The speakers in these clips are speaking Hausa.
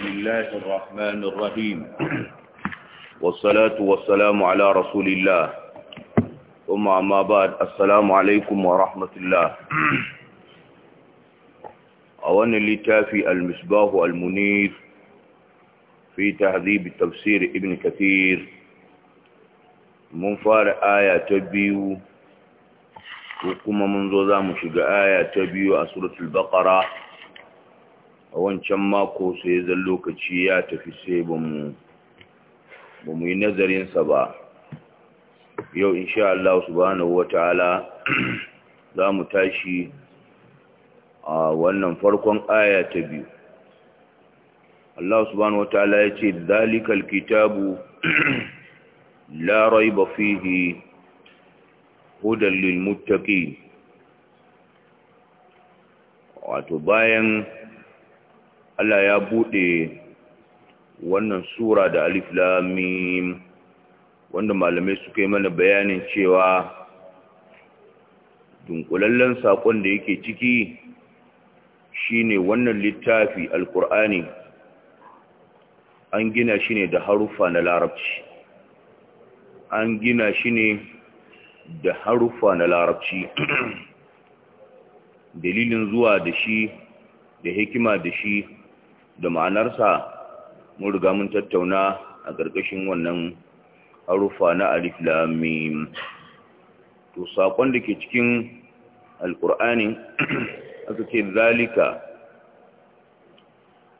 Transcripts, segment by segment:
بسم الله الرحمن الرحيم والصلاة والسلام على رسول الله ثم أما بعد السلام عليكم ورحمة الله أولا لتافي المصباح المنير في تهذيب تفسير ابن كثير منفار آية تبيو وكما منذ ذا مشق آية تبيو أسورة البقرة a wancan mako sai zan lokaci ya tafi sai ba mu yi nazarinsa ba yau insha Allah subhanahu wa ta'ala za mu tashi a wannan farkon aya ta biyu Allah subhanahu wa ta'ala ya ce dalikal kitabu la raiba fihi hudan lil muttaqin wato bayan Allah ya buɗe wannan sura da alif lamim wanda malamai suka yi mana bayanin cewa dunkulallen saƙon da yake ciki shine wannan littafi alkur'ani an gina shi ne da haruffa na larabci an gina shi ne da haruffa na larabci dalilin zuwa da shi da hikima da shi da ma'anarsa mun riga mun tattauna a ƙarƙashin wannan harufa na alif to saƙon da ke cikin alƙur'ani aka ce zalika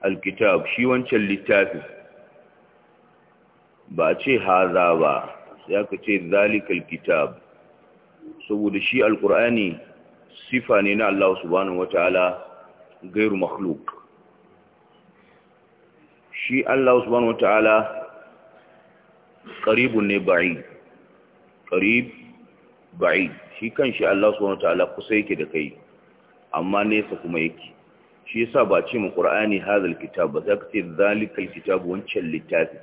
alkitab shi wancan littafi ba ce haza ba sai aka ce zalika alkitab saboda shi alƙur'ani sifa ne na Allah subhanahu ta'ala gairu makhluk shi Allah subhanahu ta'ala qaribun ne ba'id ƙarib, ba'id shi kanshi Allah subhanahu ta'ala kusa yake da kai amma nesa kuma yake shi sa ba ce mu qur'ani hadal kitab ba zaka ce zalikal kitab wancan littafi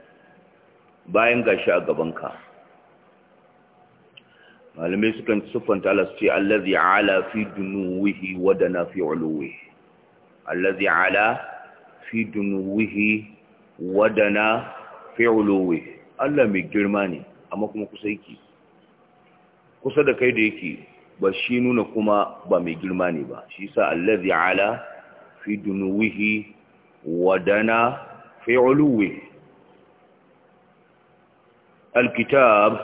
bayan ga shi a gabanka malamai sukan siffanta Allah su ce Allah allazi ala fi dunuwihi wa dana fi uluwihi allazi ala fi dunuwihi wadana fi'uluwe Allah mai girma ne amma kuma kusa yake kusa da kai da yake ba shi nuna kuma ba mai girma ne ba shi sa allazi ala fi dunuwihi wadana fi'uluwe alkitab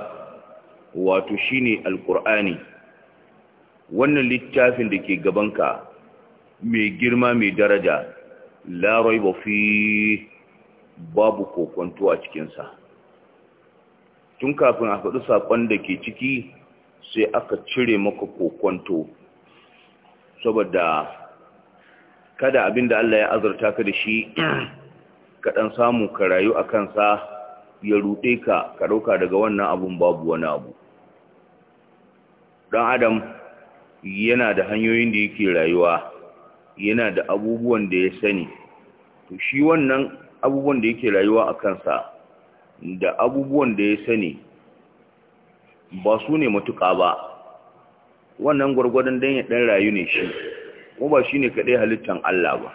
wato shine alqur'ani wannan littafin da ke gabanka mai girma mai daraja la raiba fi babu kokwanto a cikinsa tun kafin a faɗi saƙon da ke ciki sai aka cire maka kokwanto saboda kada abin da Allah ya azurta ka da shi kaɗan samu ka rayu a kansa ya ruɗe ka ka ɗauka daga wannan abun babu wani abu ɗan adam yana da hanyoyin da yake rayuwa yana da abubuwan da ya sani to shi wannan abubuwan da yake rayuwa a kansa da abubuwan da ya sani ba su ne matuƙa ba wannan gwargwadon don ya ɗan rayu ne shi ko ba shi ne kaɗai halittar Allah ba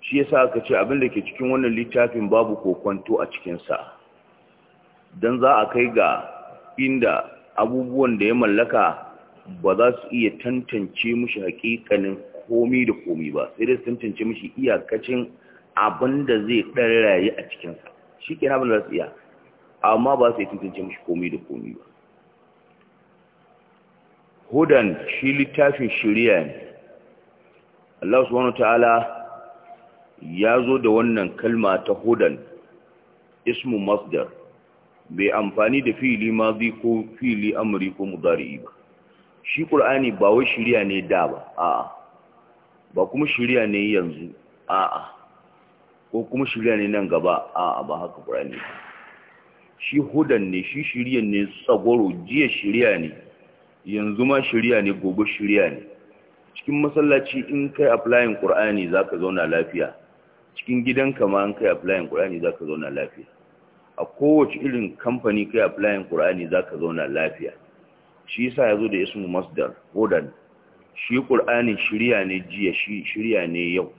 shi ya sa aka ce abin da ke cikin wannan littafin babu kokwanto a cikinsa don za a kai ga inda abubuwan da ya mallaka ba za su iya tantance mushi haƙiƙanin komi da komi ba sai dai sun cince mishi iyakacin abin da zai ɗan rayu a cikinsa shi ke abin da su iya amma ba sai tuntunce mishi komi da komi ba hudan shi littafin shirya ne Allah subhanahu ta'ala ya zo da wannan kalma ta hudan ismu masdar bai amfani da fili mazi ko fili amri ko mudari ba shi qur'ani ba wai shirya ne da ba a'a ba kuma shirya ne yanzu a'a ko kuma shirya ne nan gaba a'a ba haka ƙur'ani shi hudan ne shi shirya ne tsagoro jiya shirya ne yanzu ma shirya ne gobe shirya ne cikin masallaci in kai applying ƙur'ani za ka zauna lafiya cikin gidanka ma in kai applying ƙur'ani za ka zauna lafiya a kowace irin kamfani kai applying ƙur'ani za ka zauna lafiya shi yasa ya zo da ismu masdar hudan shi ƙur'ani shirya ne jiya shirya ne yau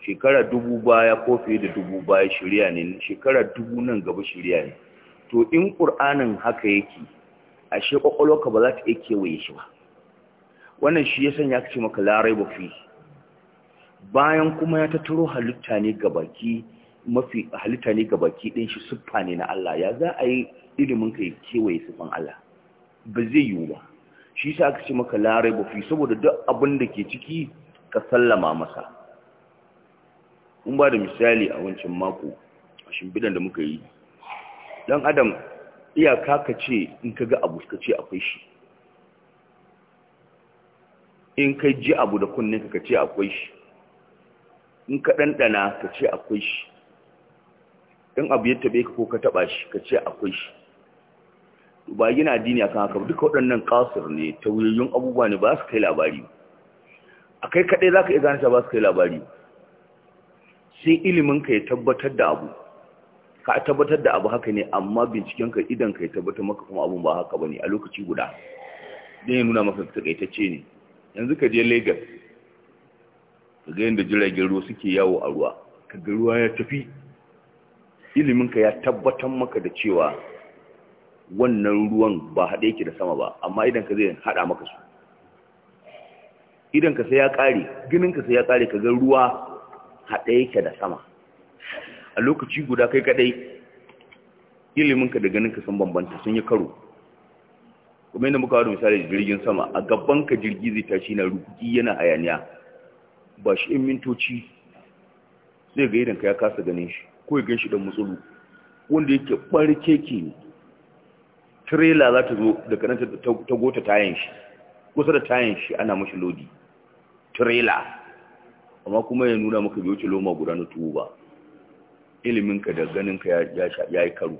shekara dubu baya ko fiye da dubu baya shirya ne shekara dubu nan gaba shirya ne to in ƙur'anin haka yake ashe ƙwaƙwalwarka ba za ta iya kewaye shi ba wannan shi ya sanya ka ce maka larai ba fi bayan kuma ya tattaro halitta ne gabaki mafi halitta ne gabaki ɗin shi siffa ne na Allah ya za a yi ilimin ka ya kewaye siffan Allah ba zai yiwu ba shi sa aka ce maka larai bafi saboda duk abin da ke ciki ka sallama masa Mun ba da misali a wancan mako a shimbidan da muka yi dan adam iyaka ka ce in ka ga abu ka ce akwai shi in ka ji abu da kunne ka ce akwai shi in ka ɗanɗana ka ce akwai shi in abu ya taɓe ka ko ka taɓa shi ka ce akwai shi ba gina addini akan haka duka waɗannan kasir ne tauyoyin abubuwa ne ba su kai labari a kai kaɗai za ka iya gane ba su kai labari sai ilimin ka ya tabbatar da abu ka tabbatar da abu haka ne amma binciken ka idan ka ya tabbatar maka kuma abun ba haka ba ne a lokaci guda dan ya nuna maka takaitacce ne yanzu ka je Legas. ka ga da jiragen ruwa suke yawo a ruwa ka ga ruwa ya tafi ilimin ka ya tabbatar maka da cewa wannan ruwan ba haɗe yake da sama ba amma idan ka zai haɗa maka su idan ka sai ya ƙare ginin ka sai ya ƙare ka ga ruwa haɗe yake da sama a lokaci guda kai kaɗai iliminka da ganin sun bambanta sun yi karo kuma yadda muka wada misali jirgin sama a gaban ka jirgi zai tashi na rukuki yana hayaniya ba shi in mintoci sai ga idan ka ya kasa ganin shi ko ya gan shi da mutsulu wanda yake ɓarke ke ne trailer za ta zo daga nan ta gota tayan shi kusa da tayan shi ana mashi lodi trailer amma kuma ya nuna maka bai wuce loma guda na tuwo ba iliminka da ganinka ya yi karu.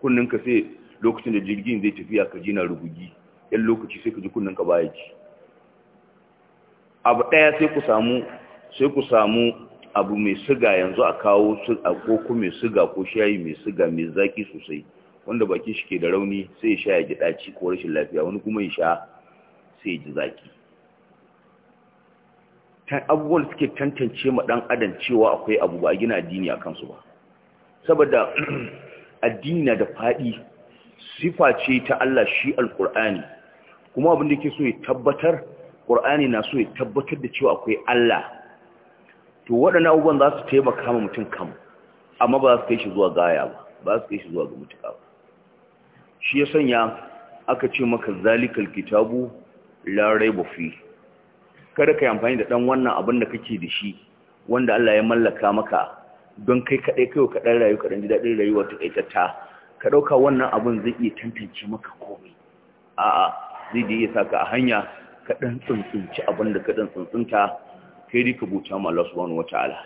kunninka sai lokacin da jirgin zai tafiya ka kaji na rubugi, yan lokaci sai ka ji kunninka baya ci abu ɗaya sai ku samu sai ku samu abu mai siga yanzu a kawo ko mai siga ko shayi mai siga mai zaki sosai wanda bakin shi ke da rauni sai ya sha ya ji ɗaci ko rashin lafiya wani kuma ya sha sai ya ji zaki abubuwan suke tantance ma dan adam cewa akwai abu ba gina addini a kansu ba saboda addini na da faɗi sifa ce ta Allah shi alƙur'ani kuma abin da yake so ya tabbatar ƙur'ani na so ya tabbatar da cewa akwai Allah to waɗannan abubuwan za su taimaka ma mutum kam amma ba za su kai shi zuwa gaya ba ba su kai shi zuwa ga mutuka ba shi ya sanya aka ce maka zalikal kitabu la raiba fi kada ka yi amfani da dan wannan abin da kake da shi wanda Allah ya mallaka maka don kai kadai kai ka dan rayu ka dan ji dadin rayuwa ta tata ka dauka wannan abin zai iya tantance maka komai a'a zai da iya saka a hanya ka dan tsuntsunci abin da ka dan tsuntsunta kai dai ka bauta ma Allah subhanahu wataala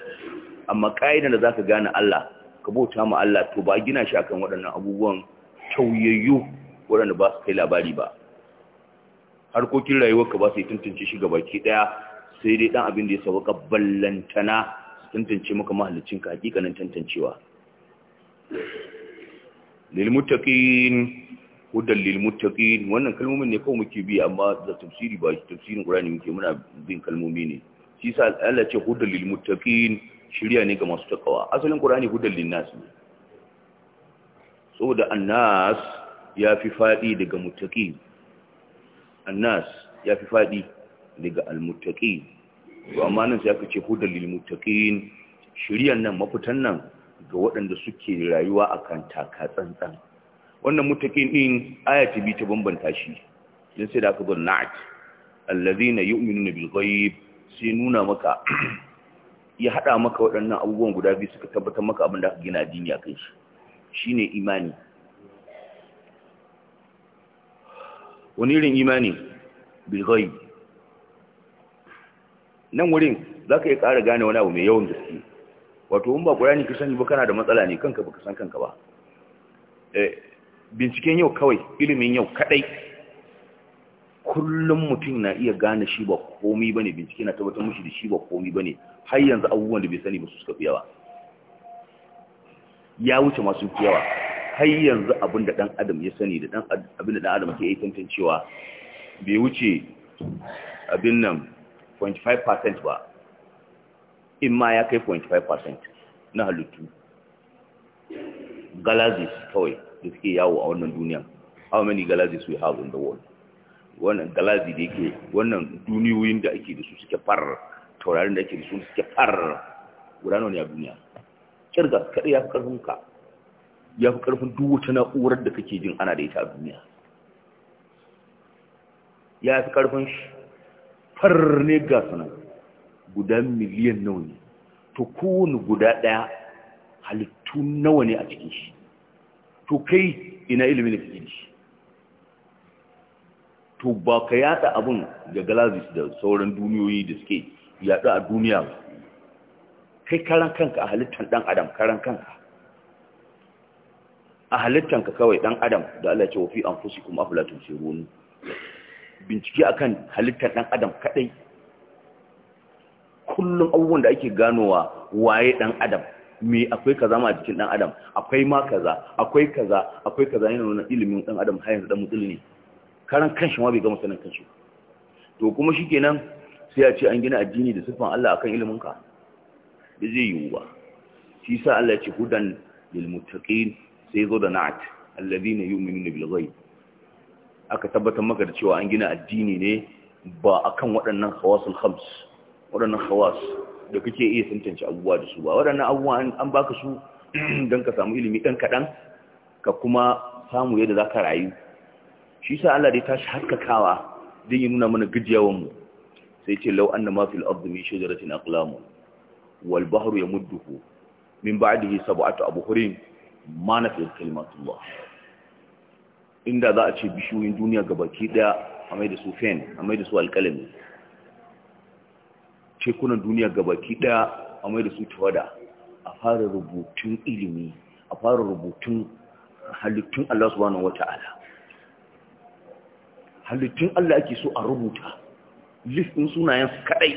amma kaidan da zaka gane Allah ka bauta ma Allah to ba gina shi akan waɗannan abubuwan tauyayyu waɗanda ba su kai labari ba harkokin rayuwarka ba su yi tantance shi baki ɗaya sai dai ɗan abin da ya ka ballantana su tantance maka mahallicinka hakikanin tantancewa lilmuttaqin hudan lilmuttaqin wannan kalmomin ne kawai muke bi amma da tafsiri ba tafsirin Qur'ani muke muna bin kalmomi ne shi sa Allah ce hudan lilmuttaqin shiriya ne ga masu takawa asalin Qur'ani hudan linnas ne saboda annas ya fi faɗi daga mutaki annas ya fi faɗi daga almutaki to amma nan sai aka ce hudar lilmutaƙin shiryan nan mafitan nan ga waɗanda suke rayuwa a kan taka tsantsan wannan mutaƙin ɗin ayati bi ta bambanta shi don sai da aka bar na'at allazina yu'minuna bil ghaib sai nuna maka ya haɗa maka waɗannan abubuwan guda biyu suka tabbatar maka abin da aka gina addini a kai shi shine imani wani irin imani bilgoyi nan wurin za ka iya ƙara gane wani abu mai yawan gaske wato wun ba ƙurani ka sani ba kana da matsala ne kanka baka san kanka ba eh, binciken yau kawai ilimin yau kadai kullum mutum na iya gane shi ba komi bane bincike na tabbatar mushi da shi ba komi bane har yanzu abubuwan da bai sani ba su suka fi yawa ya wuce masu yawa har yanzu abin da dan adam ya sani da dan abin da dan adam ke yi tantancewa bai wuce abin nan 25% ba in ma ya kai 25% na halittu galazis kawai da suke yawo a wannan duniya how many galaxies we have in the world wannan galaxy da yake wannan duniyoyin da ake da su suke far taurarin da ake da su suke far guda nawa ne a duniya kirga kada ya fi ƙarfin ka ya fi ƙarfin duk wata na'urar da kake jin ana da ita a duniya ya fi karfin shi far ne ga guda miliyan nawa ne to kowane guda ɗaya halittu nawa ne a cikin shi to kai ina ilimin da kake shi to ba ka yada abun ga galazis da sauran duniyoyi da suke yada a duniya ba kai karan kanka a halittar ɗan adam karan kanka a halittar ka kawai ɗan adam da Allah ce wa kuma anfusikum aflatun sirun bincike akan halittar ɗan adam kadai kullum abubuwan da ake ganowa waye ɗan adam me akwai kaza ma a jikin ɗan adam akwai ma kaza akwai kaza akwai kaza yana nuna ilimin ɗan adam har yanzu dan mutum ne karan kanshi ma bai gama sanin kanshi to kuma shikenan sai a ce an gina addini da siffan Allah akan ilimin ka ba zai yiwu ba shi sa Allah ce hudan lil muttaqin sai zo da na'at alladhina yu'minuna bil ghaib aka tabbatar maka da cewa an gina addini ne ba akan waɗannan khawasul khams waɗannan khawas da kake iya tantance abubuwa da su ba waɗannan abubuwa an baka su don ka samu ilimi ɗan kaɗan ka kuma samu yadda za ka rayu shi sa Allah dai shi haskakawa don yi nuna mana mu sai ce lau an na mafi al'adu mai shajaratin aklamu wal bahru yamudduhu min ba'dihi sab'atu abhurin ma nafi kalimatullah inda za a ce bishiyoyin duniya gabaki daya a mai da su fen a mai da su alkalami tekunan duniya gabaki daya a mai da su tawada a fara rubutun ilimi a fara rubutun halittun Allah subhanahu wata'ala halittun Allah ake so a rubuta listin sunayen su kadai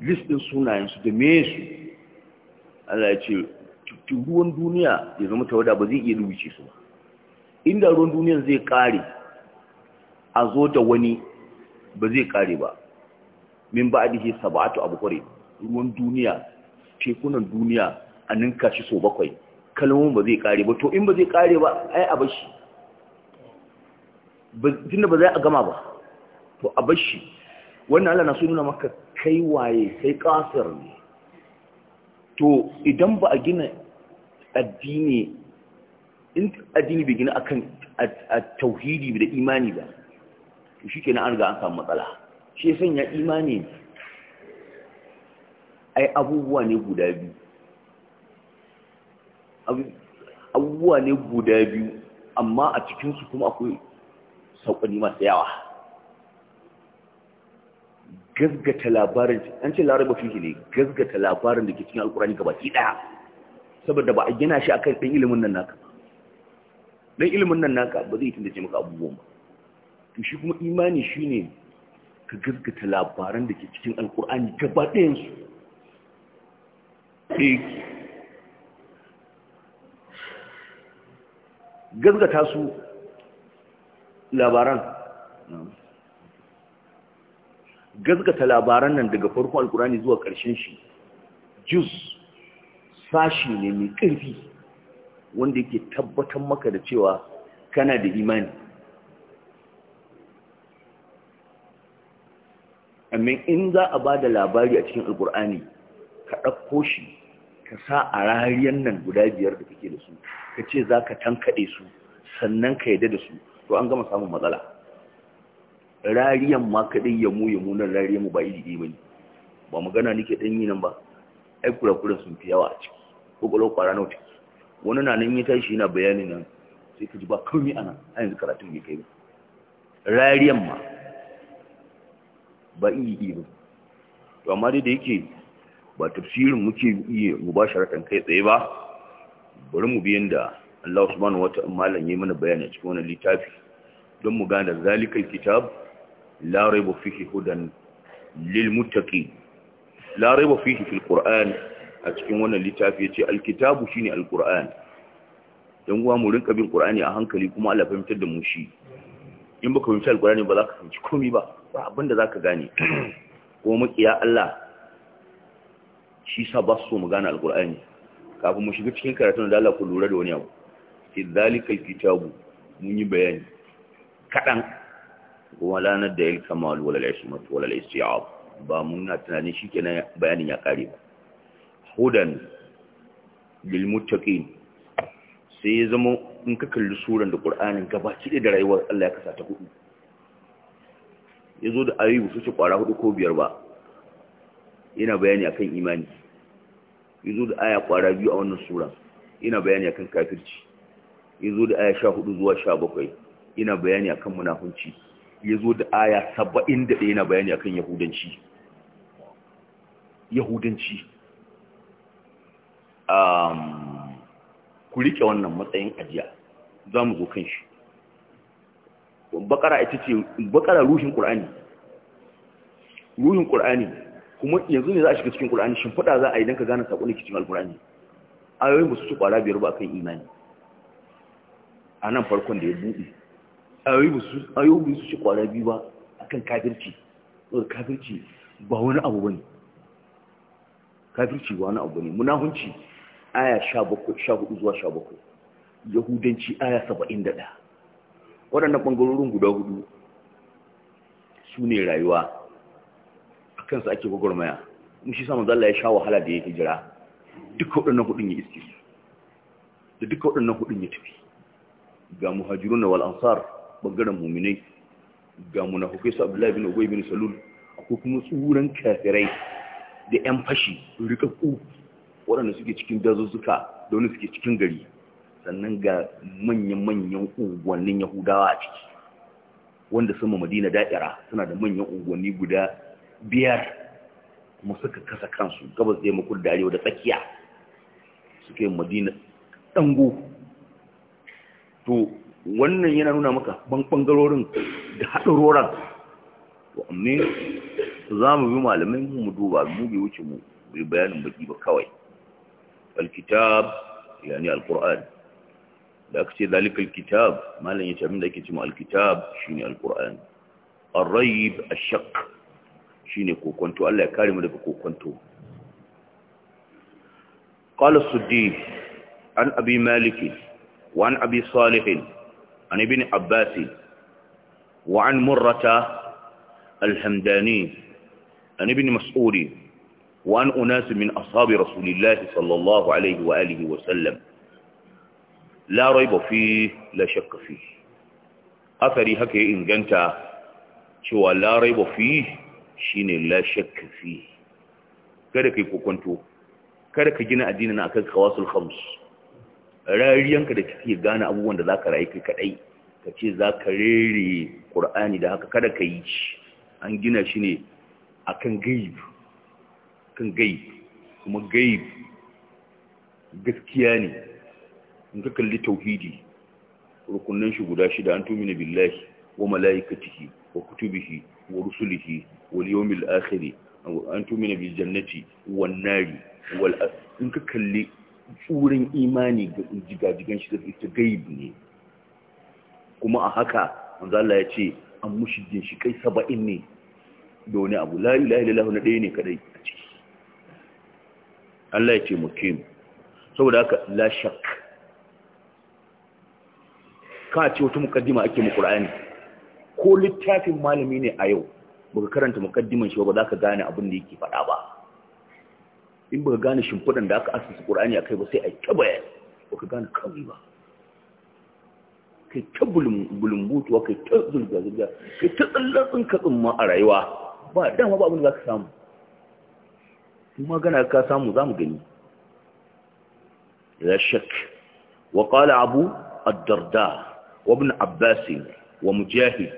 listin sunayen sunayensu da me su Allah ya ce ruwan duniya ya zama tawada ba zai iya lubuce su ba inda ruwan duniya zai kare a zo da wani ba zai kare ba min ba adihi sab'atu abqari ruwan duniya tekunan duniya a ninka shi so bakwai kalmomin ba zai kare ba to in ba zai kare ba ai a bashi tunda ba zai a gama ba to a bashi wannan Allah na so nuna maka kai waye kai kasar ne to idan ba a gina addini in addini bai gina akan tauhidi da imani ba to shikenan an ga an samu matsala shi ya sanya imani ai abubuwa ne guda biyu abubuwa ne guda biyu amma a cikinsu kuma akwai sauƙani masu yawa gazgata labarin an ce laraba fihi ne gazgata labarin da ke cikin alkurani gaba baki daya saboda ba a gina shi akan dan ilimin nan naka dan ilimin nan naka ba zai ce maka abubuwan ba to shi kuma imani shine ka gazgata labarin da ke cikin alkur'ani gaba ɗayan su eh. gazgata su labaran gazgata labaran nan daga farko alkurani zuwa ƙarshen shi jus sashi ne mai ƙarfi wanda yake tabbatar maka da cewa kana da imani amma in za a ba da labari a cikin alkur'ani ka ɗauko shi ka sa a rariyar nan guda biyar da kake da su ka ce za ka tankaɗe su sannan ka yadda da su to an gama samun matsala rariyan ma kadai ya mu ya mu nan rariyan mu ba iri ɗaya bane ba magana nake dan yi nan ba ai kura kura sun fi yawa a ciki kokolo kwara nawa ciki wani na nan ya tashi yana bayani nan sai ka ji ba a nan, a yanzu karatun bai kai ba rariyan ma ba iri ɗaya ba to amma dai da yake ba tafsirin muke iya sharatan kai tsaye ba bari mu biyan da Allah subhanahu wa ta'ala malam yayi mana bayani cikin wannan littafi don mu gane zalikal kitab لا ريب فيه هدى للمتقين لا ريب فيه في القرآن أتكين وانا لتافية الكتاب شيني القرآن hankali kuma بالقرآن أهانك لكم على mu shi. in baka fahimci alkurani ba za ka fahimci komi ba ba abinda za ka gane ko makiya Allah shi sa ba su so mu gane alkurani kafin mu shiga cikin karatun da Allah ku lura da wani abu fi zalikal kitabu mun yi bayani kadan kuma lanar da ilka wala walal ismat walal isti'ab ba muna tunanin shikenan bayanin ya kare ba hudan lil muttaqin sai ya zama in ka kalli suran da qur'anin gabaki da rayuwar Allah ya kasa ta hudu yazo da ayyu su ce kwara hudu ko biyar ba yana bayani akan imani yazo da aya kwara biyu a wannan sura yana bayani akan kafirci yazo da aya 14 zuwa 17 yana bayani akan munafunci ya zo da aya saba'in da ɗaya na bayani akan yahudanci yahudanci um, ku riƙe wannan matsayin ajiya za mu zo kan shi bakara ita ce bakara ruhin ƙur'ani ruhin ƙur'ani kuma yanzu ne za a shiga cikin ƙur'ani shimfiɗa za a yi don ka gane saƙonin al alƙur'ani ayoyin ba su su ƙwara biyar ba akan imani a nan farkon da ya buɗe ayyubu su ci kwana biyu ba a kan kafirci wadda kafirci ba wani abu wani kafirci ba wani abu ne munahunci aya sha zuwa sha bakwai yahudanci aya saba'in da ɗaya waɗannan ɓangarorin guda hudu su ne rayuwa a kansu ake gwagwarmaya mun shi samun zalla ya sha wahala da ya hijira duka waɗannan hudun ya iske su da duka waɗannan hudun ya tafi ga muhajirun na wal'ansar bangaren muminai ga munafukai su abdullahi bin ugwai bin salul ko kuma tsuran kafirai da yan fashi rikakku waɗanda suke cikin dazuzzuka da wani suke cikin gari sannan ga manya-manyan unguwannin yahudawa a ciki wanda sama madina da'ira suna da manyan unguwanni guda biyar kuma suka kasa kansu gabas da yamma kudu da arewa da tsakiya suka yi madina dango to wannan yana nuna maka ban bangarorin da haɗin roran to amma za mu bi malamin mu duba mu bi wuce mu bai bayanin baki ba kawai alkitab yani alqur'an da aka ce zalikal kitab malam ya ce abin da ake cewa alkitab shine alqur'an ar-rayb ash-shakk shine kokonto Allah ya kare mu daga kokonto qala as-suddi an abi malik wa an abi salih عن ابن عباس وعن مرة الحمداني عن ابن مسعود وعن أناس من أصحاب رسول الله صلى الله عليه وآله وسلم لا ريب فيه لا شك فيه أثري هكي إن جنت شوى لا ريب فيه شين لا شك فيه كذا كيف كنت كذا كجنا أديننا أكاد خواص الخمس rariyanka da kake gane abubuwan da zaka rayu kai kadai ka ce za ka rere qur'ani da haka kada ka yi shi an gina shi ne akan gaib kan gaib kuma gaib gaskiya ne in ka kalli tauhidi rukunin shi guda shida an tumina billahi wa malaikatihi wa kutubihi wa rusulihi wal yawmil akhir an tumina bil jannati wan nari wal in ka kalli tsurin imani jigajigan shi da ita gaib ne kuma a haka manzala ya ce an mushijin shi kai saba'in ne da wani abu la ilaha illallah na ɗaya ne kadai a ciki Allah ya ce mukim saboda haka la shak ka ce wata mukaddima ake mu Qur'ani ko littafin malami ne a yau baka karanta mukaddiman shi ba za ka gane abin da yake faɗa ba in ba ka gane shimfiɗan da aka asusu ƙur'ani a kai ba sai a ta bayani ba ka gane kawai ba kai ta bulumbutuwa kai ta zurga kai ta tsallatsin katsin ma a rayuwa ba dama ba abin da za ka samu kuma gana ka samu za mu gani la shak wa qala abu ad-darda wa ibn abbas wa mujahid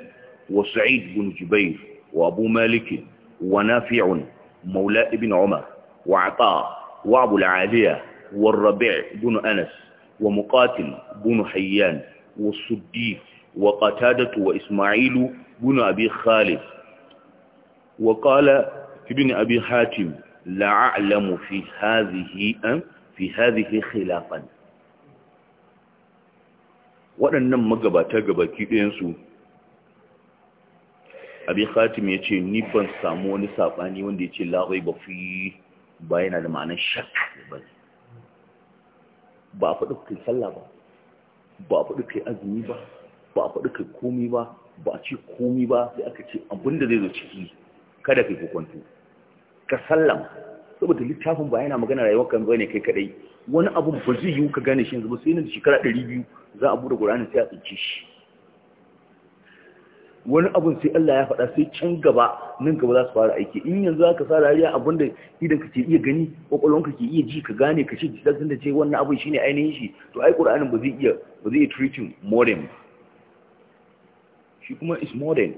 wa sa'id bin jubair wa abu malik wa nafi' مولى ابن عمر وعطاء وأبو العالية والربيع بن أنس ومقاتل بن حيان والصديق وقتادة وإسماعيل بن أبي خالد وقال ابن أبي حاتم لا أعلم في هذه في هذه خلافا waɗannan magabata gabaki ɗayansu abin khatim ya ce ni ban samu wani saɓani wanda ya ce ba fi ba yana da ma'anar shakka ba ba a faɗi kai sallah ba ba a faɗi kai azumi ba ba a faɗi kai komi ba ba a ce komi ba sai aka ce abin da zai zo ciki kada kai hukuntu ka sallama saboda littafin ba yana magana rayuwar kan bane kai kadai wani abu ba zai yiwu ka gane shi yanzu ba sai nan shekara 200 za a bude Qur'ani sai a tsince shi wani abun sai Allah ya faɗa sai can gaba nan gaba za su fara aiki in yanzu aka sa rayuwa abin da idan ka ce iya gani ka ke iya ji ka gane ka ce jikin da ce wannan abin shine ainihin shi to ai ƙur'anin ba zai iya ba zai iya treating modern shi kuma is modern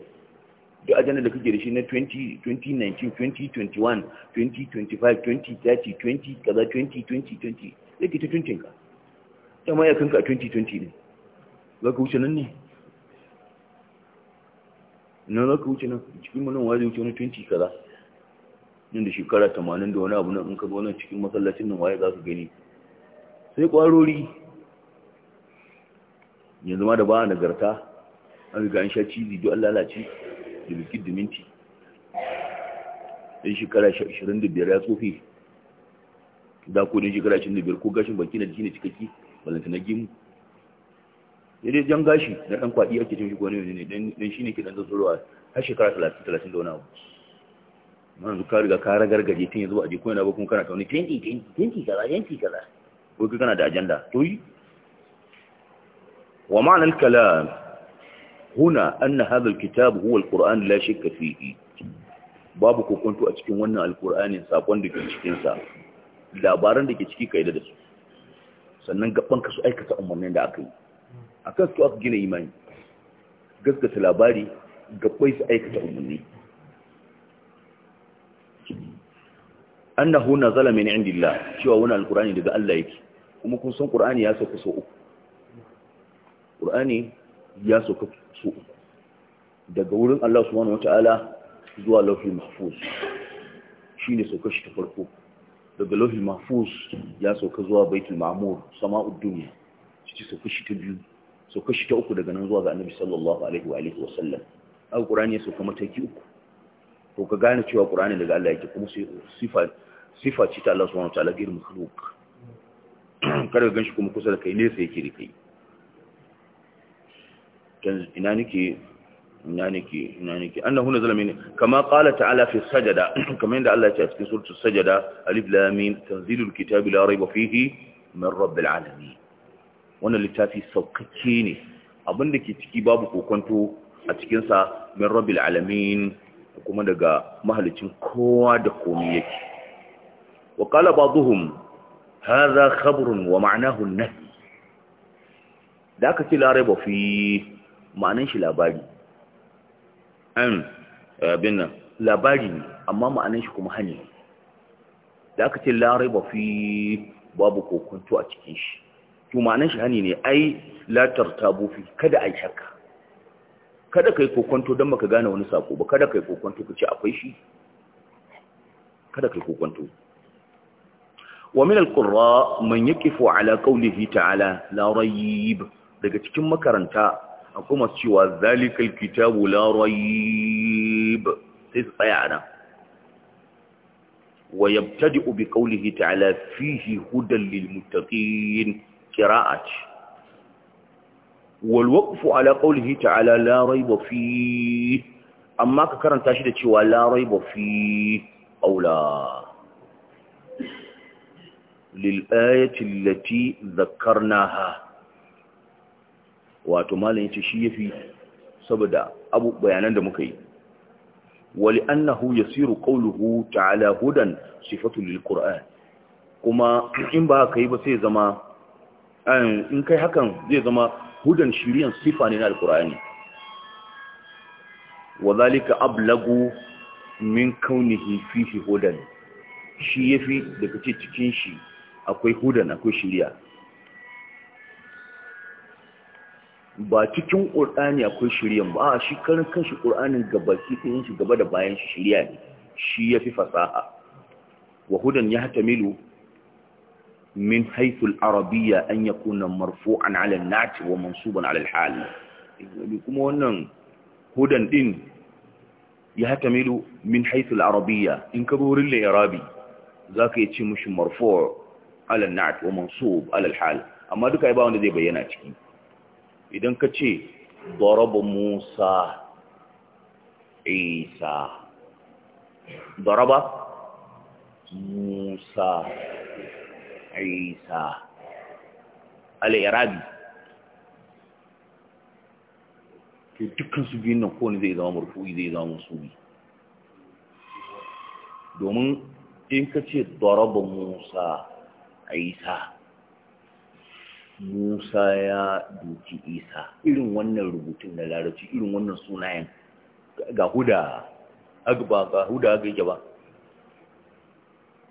duk ajanda da kake da shi na 2019 2021 2025 2030 20 kaza 2020 zai ke ta tuntun ka ta ma a 2020 ne za ka wuce nan ne na za ka wuce nan cikin manan waje wuce wani 20 kaza Nan da shekara 80 da wani abu nan in ka zo nan cikin masallacin nan waye za ka gani sai kwarori yanzu ma da ba a nagarta an riga an sha cizi duk an lalace da bikin diminti ɗan shekara 25 ya tsofi da ko ɗan shekara 25 ko gashin banki na jiki ne cikakki balantana gemu dai jan gashi da ɗan kwaɗi ake cin shi ko ne dan shi ne ke ɗan zuwa har shekara talatin talatin da wani abu yanzu ka riga ka ragargaje tun yanzu a je yana ba kuma kana kauni 20 20 kaza 20 kaza ko kuka kana da ajanda to yi wa ma'anar kalam huna anna hadha kitabu huwa alquran la shakka fihi babu kokonto a cikin wannan alqur'anin sakon da ke cikin sa labaran da ke ciki kai da su sannan gaban ka su aikata umarnin da aka yi a kan su aka gina imani gaskata labari gabbai su aikata umarni An annahu nazala min indillah cewa wani alkurani daga Allah yake kuma kun san ƙur'ani ya sauka so uku ƙur'ani ya sauka so uku daga wurin Allah wani wataala zuwa lauhul mahfuz ne sauka shi ta farko daga lauhul mahfuz ya sauka zuwa baitul ma'mur sama'ud dunya shi sauka shi ta biyu su kashi ta uku daga nan zuwa ga annabi sallallahu alaihi wa alihi wasallam al qur'ani su kuma ta ki uku to ka gane cewa qur'ani daga Allah yake kuma sifa sifa ce ta Allah subhanahu wa ta'ala gairu makhluq kada ka ganshi kuma kusa da kai ne sai yake da kai ina nake ina nake ina nake annahu nazala min kama qala ta'ala fi sajada kamar yadda Allah ya ce a cikin suratul sajada alif lam mim tanzilul kitabi la rayba fihi min rabbil alamin wannan littafi sauƙaƙe ne abinda ke ciki babu kokonto a cikinsa min rabbil alamin kuma daga mahalicin kowa da komai yake wa qala ba'dhum hadha khabrun wa ma'nahu nafi da aka ce larai ba fi ma'anin shi labari an abin nan labari ne amma ma'anin shi kuma hani da aka ce larai ba fi babu kokonto a cikin shi to ma'anar shi hani ne ai la tartabu fi kada ai shakka kada ka yi kokonto don baka gane wani sako ba kada ka yi kokonto kace akwai shi kada ka yi kokonto wa min alqurra man yaqifu ala qawlihi ta'ala la rayib daga cikin makaranta a masu cewa zalikal kitabu la sai su tsaya a nan wa yabtadi'u bi qawlihi ta'ala fihi hudan lil muttaqin kira'a ce walwaƙufu ala ƙaulihi ta'ala larai ba amma ka karanta shi da cewa larai ba fi aula lil'ayatin lati zakarna ha wato malin yace shi yafi saboda abu bayanan da muka yi wali annahu yasiru qawluhu ta'ala hudan sifatu lilqur'an kuma in ba kai ba sai zama in kai hakan zai zama hudan shiriyan sifa ne na alkur'ani Wazalika zalika ablagu min kaunihi fihi hudan shi yafi da kace cikin shi akwai hudan akwai shiriya ba cikin qur'ani akwai shiriyan ba a shi karin kanshi qur'anin gabaki ɗin shi gaba da bayan shiriya ne shi yafi fasaha wa hudan ya hatamilu min haithul arabiyya an ya marfu'an 'ala an-nat alal wa mansuban alal al kuma wannan hudan din ya Milu min haithul arabiyya in ka burin la irabi zaka yace mushi marfu' 'ala alal nat wa mansub alal al amma duka ai ba wanda zai bayyana ciki idan ka ce daraba musa isa daraba musa عيسى الإعرابي to dukkan su biyun nan ko kowane zai zama marfu'i zai zama musubi domin in ka ce daraba musa a isa musa ya duki isa irin wannan rubutun na larabci irin wannan sunayen ga huda agba ga huda ga ba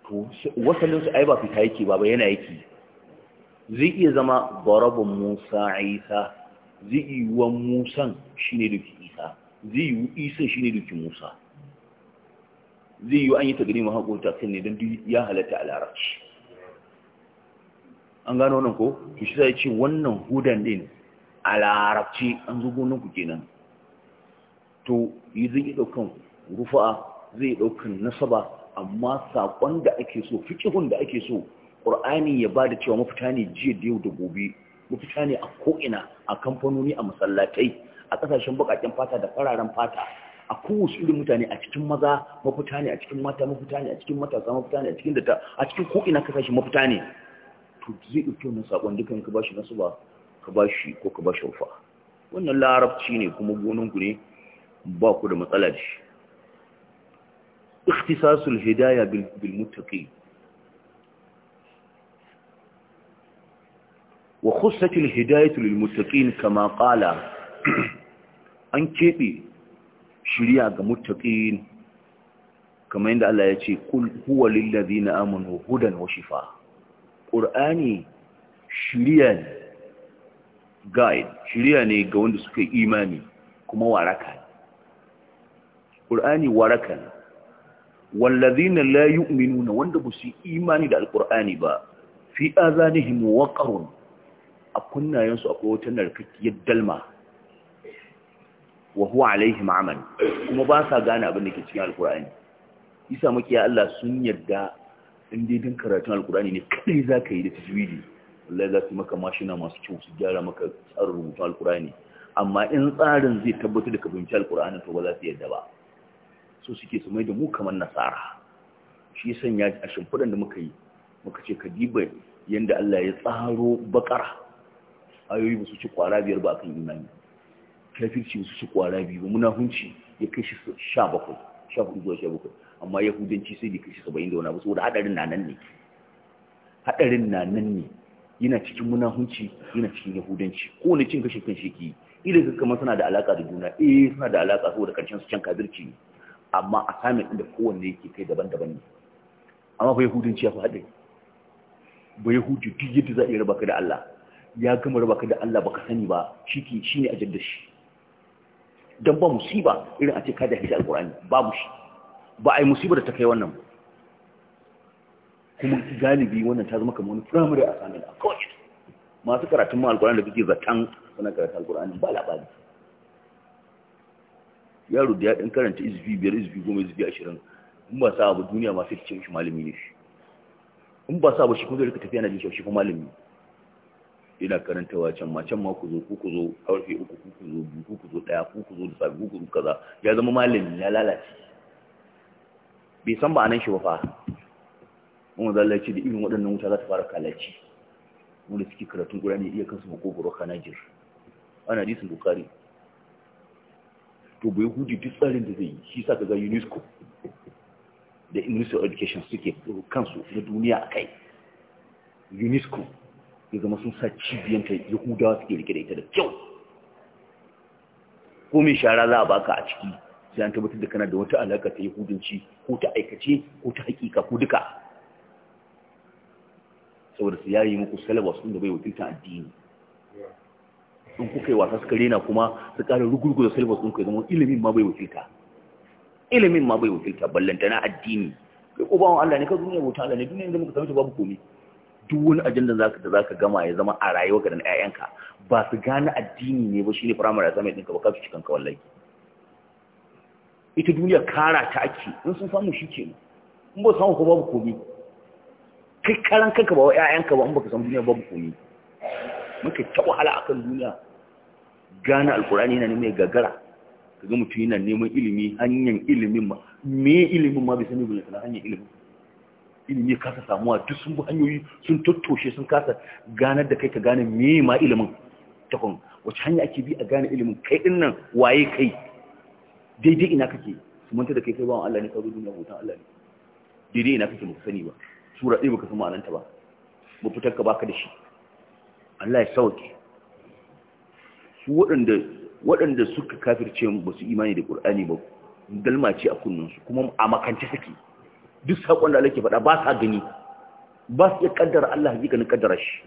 to wasalin su ai ba fita yake ba ba yana yake zai iya zama barabun musa isa zai yi wa musan shine duki isa zai yi isa shine duki musa zai yi an yi ta gani mahaƙo takin ne don ya halatta a larabci an gano wannan ko to shi zai ce wannan hudan din a larabci an zo gonan ku kenan to yi zai yi ɗaukan rufa'a zai yi ɗaukan nasaba amma saƙon da ake so fikihun da ake so ƙur'ani ya ba da cewa mafita ne jiya da yau da gobe mafita ne a ko'ina a kamfanoni a masallatai a ƙasashen baƙaƙen fata da fararen fata a kowace irin mutane a cikin maza mafita ne a cikin mata mafita ne a cikin matasa mafita ne a cikin data a cikin ko'ina ka sashi mafita ne to zai ɗauki wannan saƙon dukan ka bashi nasuba, ka bashi ko ka bashi rufa wannan larabci ne kuma gonanku ne ba ku da matsala da shi ikhtisasul hidaya bil muttaqi wa khussatul hidayatu lil muttaqin kama qala an keɓe shiriya ga muttaqin kamar yadda Allah ya ce kul huwa lil ladina amanu hudan wa shifa qur'ani shiriya ne shiriya ne ga wanda suka yi imani kuma waraka qur'ani waraka wallazina la yu'minuna wanda ba su imani da alqur'ani ba fi azanihim waqarun a kunnayensu akwai wata narkakkiyar dalma wa huwa alaihim kuma ba sa gane abin da ke cikin alqur'ani isa makiya Allah sun yadda in dai din karatun alqur'ani ne kadai zaka yi da tajwidi wallahi za su maka mashina masu kyau su gyara maka tsarin rubutun alqur'ani amma in tsarin zai tabbatar da ka fahimci alqur'ani to ba za su yadda ba so suke su mai da mu kamar nasara shi sanya a shimfiɗan da muka yi muka ce ka diba yadda Allah ya tsaro bakara ayoyi ba su ci kwara biyar ba kan imani kafirci ba su ci kwara biyu ba munafunci ya kai shi sha bakwai sha bakwai zuwa sha bakwai amma yahudanci sai da kai shi saba'in da wani abu saboda haɗarin na nan ne haɗarin na nan ne yana cikin munafunci yana cikin yahudanci kowane cin kashe kan shi ke yi idan kamar suna da alaka da juna eh suna da alaka saboda karshen su can kafirci ne amma a samun inda kowanne yake kai daban-daban ne amma ba yahudanci ya fi haɗari ba yahudi duk yadda za a yi raba ka da Allah ya gama raba ka da Allah baka sani ba shi ke shi ne a jadda shi don ba musiba irin a ce ka da hajji Ba babu shi ba a yi musiba da ta kai wannan kuma galibi wannan ta zama kamar wani firamare a samun a kawai masu karatun ma alkur'ani da kuke zaton suna karatun alkur'ani ba labari yaro da ya ɗan karanta izifi biyar izifi goma izifi ashirin in ba sa abu duniya masu ce shi malami ne shi in ba sa abu shi kuma zai rika tafiya na jin shi kuma malami ina karantawa can ma can ma ku zo ku ku zo harfe uku ku ku zo biyu ku ku zo ɗaya ku ku zo da sabi ku ku zo kaza ya zama malami ya lalace bai san ba anan shi ba fa mun zallaci da irin waɗannan wuta za ta fara kalaci wanda suke karatun ƙura iya kansu makogoro kanajir ana hadisin bukari to bai hudu duk tsarin da zai yi shi sa ga unesco da unesco education suke kansu na duniya a kai unesco ya zama sun sa cibiyanta yahudawa suke rike da ita da kyau ko mai shara za a baka a ciki sai an tabbatar da kana da wata alaka ta yahudanci ko ta aikace ko ta hakika ko duka saboda su yayi muku salabas da bai wakilta addini in kuka yi wasa suka rena kuma su ƙara rugurgu da silibus ɗin ku ya zama ilimin ma bai wakilta ilimin ma bai wakilta na addini kai ko bawan Allah ne ka duniya bauta Allah ne duniya da ka samu ta babu komi. duk wani ajandan zaka da zaka gama ya zama a rayuwa da ƴaƴanka ba su gane addini ne ba shi ne firamare primary assignment ɗinka ba ka cikin kawai wallahi ita duniya kara ta ake in sun samu shi kenan in ba samu ko babu komi. kai karan kanka ba wa ƴaƴanka ba in baka samu duniya babu komi. muka ta wahala akan duniya gane alkur'ani yana neman gagara kaga mutum yana neman ilimi hanyar ilimin ma me ilimin ma bai sani bane na hanyar ilimin ilimi kasa samuwa duk sun bi hanyoyi sun tattoshe sun kasa ganar da kai ka gane me ma ilimin kun wace hanya ake bi a gane ilimin kai din nan waye kai daidai ina kake su manta da kai kai bawan Allah ne karo duniya hoton Allah ne daidai ina kake mu sani ba sura ɗaya baka san ma'anarta ba fitar ka baka da shi Allah ya sauke su waɗanda suka kafirce ba su imani da ƙur'ani ba dalma ce a kunninsu kuma a makance suke duk saƙon da Allah ke faɗa ba sa gani ba su iya ƙaddara Allah hakikanin ƙaddara shi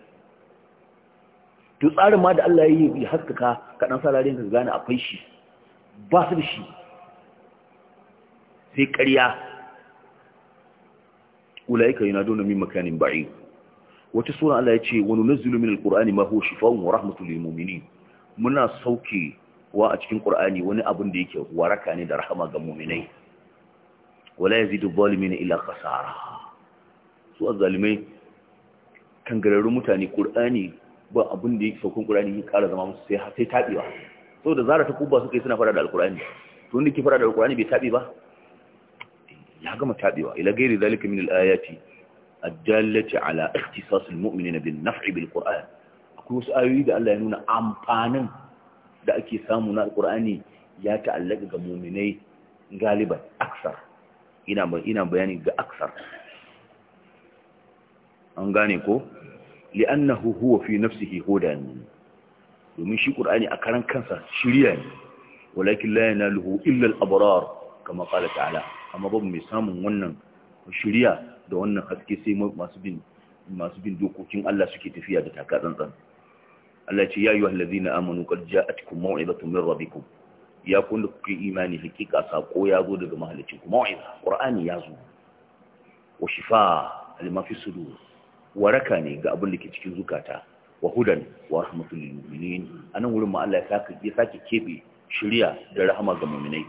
to tsarin ma da Allah ya yi haskaka kaɗan sararin ka gane akwai shi ba su da shi sai ƙarya ulaika yana dona min makanin ba'i wata sura Allah ya ce wani nazilu min alqur'ani ma huwa shifaa'un wa rahmatul lil mu'minin muna sauke wa a cikin qur'ani wani abin da yake waraka ne da rahama ga mu'minai wala yazidu zalimin illa khasara su azzalimai kan gararrun mutane qur'ani ba abin da yake saukon qur'ani ya kara zama musu sai sai tabewa saboda zara ta kubba suka yi suna fara da alqur'ani to wanda ke fara da alqur'ani bai tabi ba ya gama tabiwa ila gairi zalika min alayati addallati ala ikhtisas almu'minina bin naf'i bil qur'an akwai wasu ayoyi da Allah ya nuna amfanin da ake samu na Al-ƙur'ani ya ta'allaka ga mu'minai galiban aksar ina ina bayani ga aksar an gane ko li'annahu huwa fi nafsihi hudan domin shi qur'ani a karan kansa shiriya ne walakin la yanaluhu illa al-abrar kama qala ta'ala amma babu mai samun wannan shirya da wannan haske sai masu bin dokokin Allah suke tafiya da taka tsantsan Allah ce ya yi wallazina amanu qad ja'atkum maw'izatun min rabbikum ya kun kuke imani hakika saƙo ya zo daga mahallicin ku maw'iza qur'ani ya zo wa shifa lima fi sudur waraka ne ga abin da ke cikin zukata wa hudan wa rahmatul lil mu'minin anan wurin ma Allah ya sake kebe shirya da rahama ga mu'minai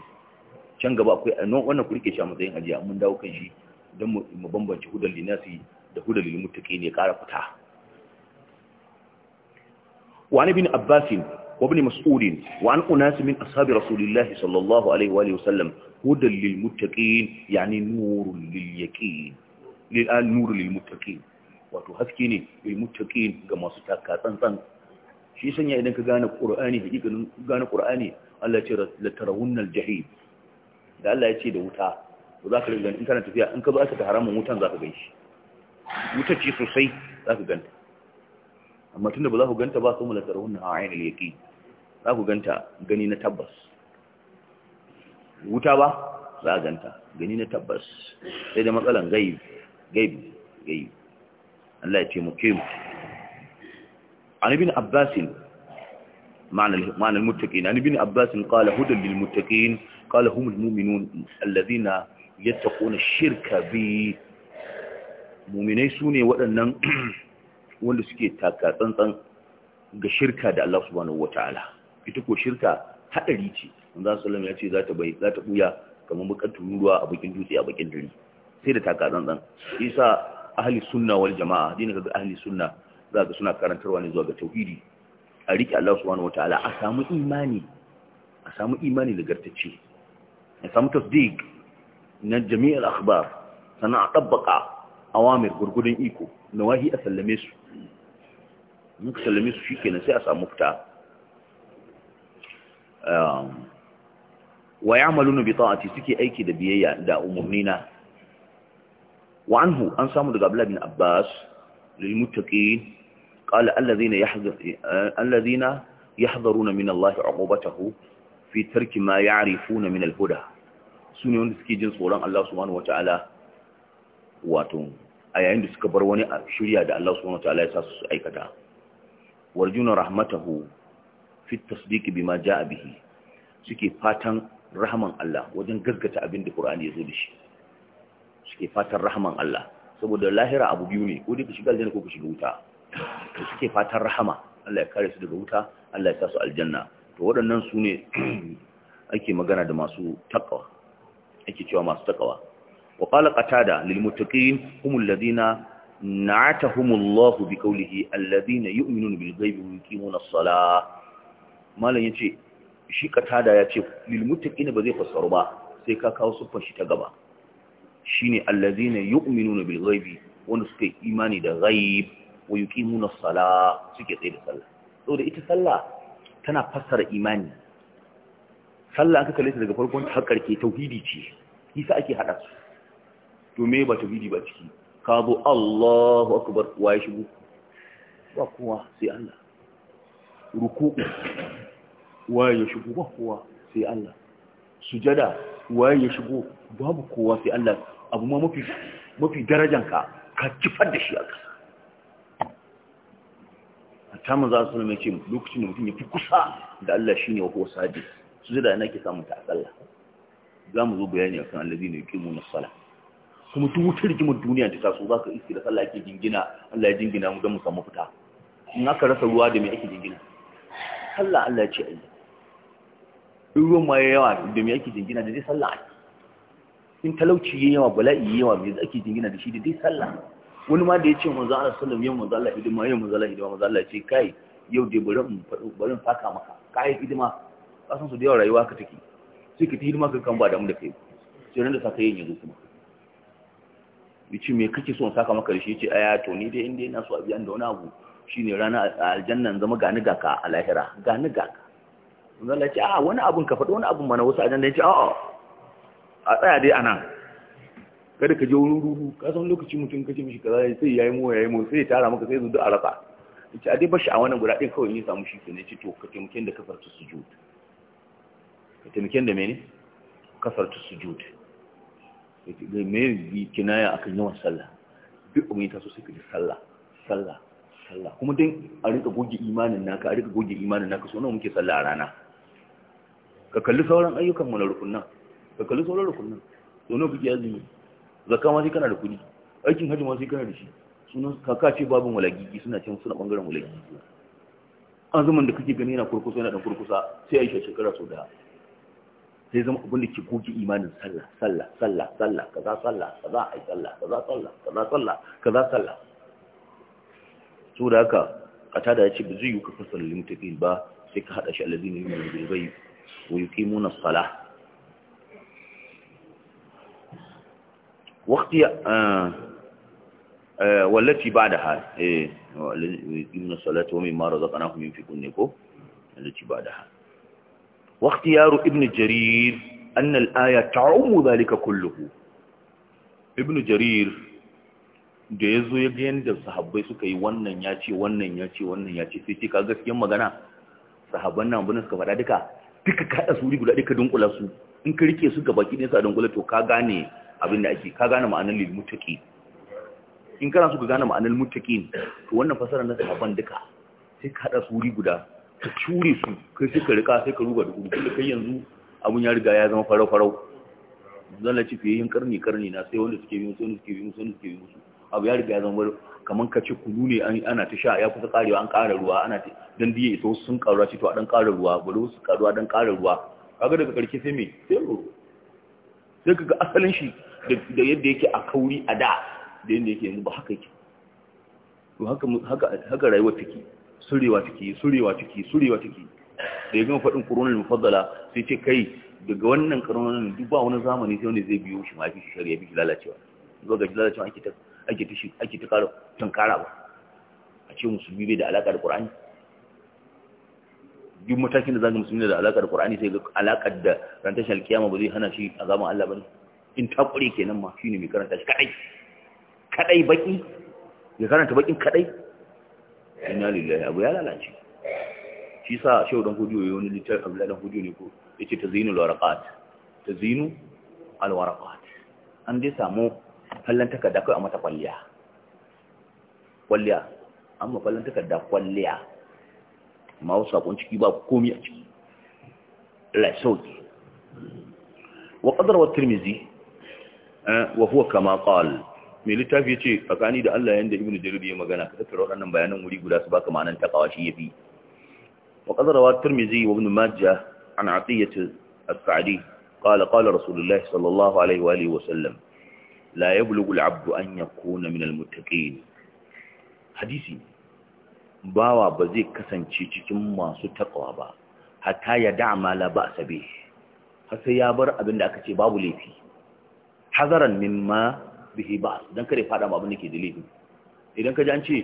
can gaba akwai wannan ku shi a matsayin ajiya mun dawo kan shi don mu bambance hudun linasi da hudun limutake ne ƙara fita. Wani bin Abbasin, wani mas'udin, wani unasi min ashabi Rasulullahi sallallahu Alaihi wa sallam, hudun limutake ya ne nuru limutake, wato haske ne limutake ga masu taka tsantsan. Shi sanya idan ka gane ƙura'ani, haƙiƙanin gane ƙura'ani, Allah ce da tarawunan jahi, da Allah ya ce da wuta. to za ka riga in kana tafiya in ka zo aka haramun wutan za ka gan shi wuta ce sosai za ka ganta amma tunda ba za ku ganta ba sun mulatar hunna a ainihin yaƙi za ku ganta gani na tabbas wuta ba za a ganta gani na tabbas sai da matsalan gaib gaib gaib Allah ya ce mu ke an ibn Abbasin, ma'anar muttaqin an ibn abbas qala hudan lil muttaqin qala humul mu'minun alladhina yattaquna shirka bi mu'minai sune waɗannan wanda suke taka tsantsan ga shirka da Allah subhanahu wataala ita ko shirka hadari ce manzo Salam ya ce za ta bai za ta buya kamar bakar ruwa a bakin dutse a bakin dare sai da taka tsantsan isa ahli sunna wal jama'a dinin ga ahli sunna za ga suna karantarwa ne zuwa ga tauhidi a rike Allah subhanahu wataala a samu imani a samu imani da gartacce a samu tasdiq na jami'ar akhbar sana a ɗabbaƙa awamir gurgudun iko na wahi a sallame su muka sallame su sai a samu fita um, wa ya'maluna bi ta'ati suke aiki da biyayya da umurnina wa anhu an samu daga Abdullah bin Abbas lil muttaqin qala alladhina yahdhar alladhina yahdharuna min Allah 'uqubatahu fi tarki ma ya'rifuna min al-huda su ne wanda suke jin tsoron Allah subhanahu wa ta'ala wato a yayin da suka bar wani a shirya da Allah subhanahu wa ta'ala ya sa su aikata warjuna rahmatahu fi tasdiq bima jaa bihi suke fatan rahman Allah wajen gaskata abin da Qur'ani ya zo da shi suke fatan rahman Allah saboda lahira abu biyu ne ko dai ka shiga aljanna ko ka shiga wuta to suke fatan rahama Allah ya kare su daga wuta Allah ya sa su aljanna to waɗannan su ne ake magana da masu taqwa ake cewa masu takawa wa qala qatada lil muttaqin humul ladina na'atahumullahu bi qawlihi alladhina yu'minuna bil ghaibi wa yuqimuna as-salah malam yace shi qatada yace lil muttaqin ba zai fassaru ba sai ka kawo sufan shi ta gaba shine alladhina yu'minuna bil ghaibi wanda suka yi imani da ghaib wa yuqimuna as-salah suke tsaye da sallah saboda ita sallah tana fassara imani sallah aka kalle ta daga farkon ta ke tauhidi ce isa ake hada su to me ba tauhidi ba ciki ka zo Allahu akbar wa ya shigo ba kowa sai Allah ruku wa ya shigo ba kowa sai Allah sujada wa ya shigo babu kowa sai Allah abu ma mafi mafi darajanka ka kifar da shi a kasa a tamun za su nuna mai ce lokacin da mutum ya fi kusa da Allah shi ne wa kowa sadi sujada ina ke samun ta a sallah za mu zo bayani a kan allazi ne kimu na sallah kuma duk wutar rigimar duniya ta taso za ka iske da sallah ake jingina allah ya jingina mu don mu samu fita in aka rasa ruwa da mai ake jingina sallah allah ya ce yi in ruwan ma ya yawa da mai ake jingina da dai sallah ake in talauci ya yawa bala'i ya yawa mai ake jingina da shi da dai sallah wani ma da ya ce manzo Allah sallam yau manzo Allah hidima yau manzo Allah hidima manzo Allah ce kai yau dai bari in faka maka kai hidima kasan su da yawa rayuwa ka take sai ka ta hidima ka kan ba damu da kai sai ran da saka yin yanzu kuma yace me kake so saka maka da shi yace aya to ni dai inda ina so a biyan da wani abu shine rana aljannan zama gani ga ka a lahira gani ga ka zan ce a wani abun ka faɗi wani abun mana wasu a yace a, a tsaya dai anan kada ka je wani ruhu ka san lokaci mutum kace mishi kaza sai yayi mu yayi mu sai ya tara maka sai zo duk a rasa yace a dai bashi a wannan guda kawai ne samun samu shi ne yace to ka taimake da kafarta sujud ka taimake da mene ta sujud da mene bi kinaya kan yawan sallah bi umarni ta so sai ka ji sallah sallah sallah kuma din a rika goge imanin naka a rika goge imanin naka so nawa muke sallah a rana ka kalli sauran ayyukan mu na ka kalli sauran rukunan so nawa kake azumi zakka ma sai kana da kuɗi aikin hajji ma sai kana da shi sunan kaka ce babin walagigi suna cin suna bangaren walagigi azumin da kake gani yana kurkusa yana dan kurkusa sai a yi shekara sau da sai zama abin da ke goge imanin sallah sallah sallah sallah kaza sallah kaza ai sallah kaza sallah kaza sallah kaza sallah to da haka a tada yace ce ba zai ka fasar limtafil ba sai ka hada shi alazi ne mai bilbai wa yuqimuna kimuna sala wakti wallati ba ha eh wa yuqimuna kimuna salata wa mimma razaqnahum zaƙana kuma ko wallati ba ha واختيار ابن جرير أن الآية تعوم ذلك كله ابن جرير da ya zo ya ga yadda sahabbai suka yi wannan ya ce wannan ya ce wannan ya ce sai ce ka gaskiyar magana sahabban nan abin suka faɗa duka duka kaɗa su guda duka dunkula su in ka rike su gabaki ɗin sa dunkula to ka gane abin da ake ka gane ma'anar lil mutaki in kana so ka gane ma'anar mutaqi to wannan fasara na sahabban duka sai ka haɗa su guda ka cure su kai suka rika sai ka ruga da gudu da kai yanzu abun ya riga ya zama farau-farau zan na cikin yin karni karni na sai wanda suke bi musu wanda suke bi musu wanda suke bi musu abu ya riga ya zama wani kamar ka ce kunu ne ana ta sha ya kusa karewa an ƙara ruwa ana ta dan diya ita wasu sun karuwa ce to a dan ƙara ruwa bari wasu karuwa dan ƙara ruwa kaga daga karshe sai me sai ruwa sai kaga asalin shi da yadda yake a kauri a da da yadda yake yanzu ba haka yake to haka haka haka rayuwar take surewa ciki surewa ciki surewa ciki da ya gama faɗin ƙoronar mufaddala sai ce kai daga wannan ƙoronar duk ba wani zamani sai wani zai biyo shi mafi shi shari'a biki lalacewa zuwa ga lalacewa ake ta ake ta ake ta ƙara ba a ce musulmi bai da alaƙa da ƙur'ani duk matakin da zaga musulmi da alaƙa da ƙur'ani sai ga alaƙa da rantar shi alkiyama ba zai hana shi a zaman Allah bane in ta ƙure kenan ma shi ne mai karanta shi kadai kadai baƙi, ya karanta baƙin kaɗai. inna lillahi abu ya lalace shi sa shehu dan hudu yayin wani littafin abu dan hudu ne ko yace tazinul warqat tazinu al warqat an dai samu fallan takarda kai a mata kwalliya kwalliya amma fallan takarda kwalliya ma wasu sakon ciki ba komi a ciki la sauki wa qadara wa tirmizi eh, wa huwa kama qala mai littafi ya ce tsakani da Allah yanda ibn jarir ya magana ka tattara waɗannan bayanan wuri guda su baka ma'anar takawa shi yafi wa qadarawa tirmizi wa ibn majah an atiyat as-sa'di qala qala rasulullah sallallahu alaihi wa alihi wa sallam la yablughu al-'abdu an yakuna min al-muttaqin hadisi bawa ba zai kasance cikin masu takawa ba hatta ya da'ama la ba'sa bih har sai ya bar abin da aka ce babu laifi hazaran mimma bihi ba dan kare fada ma abin da ke da laifi idan ka ji an ce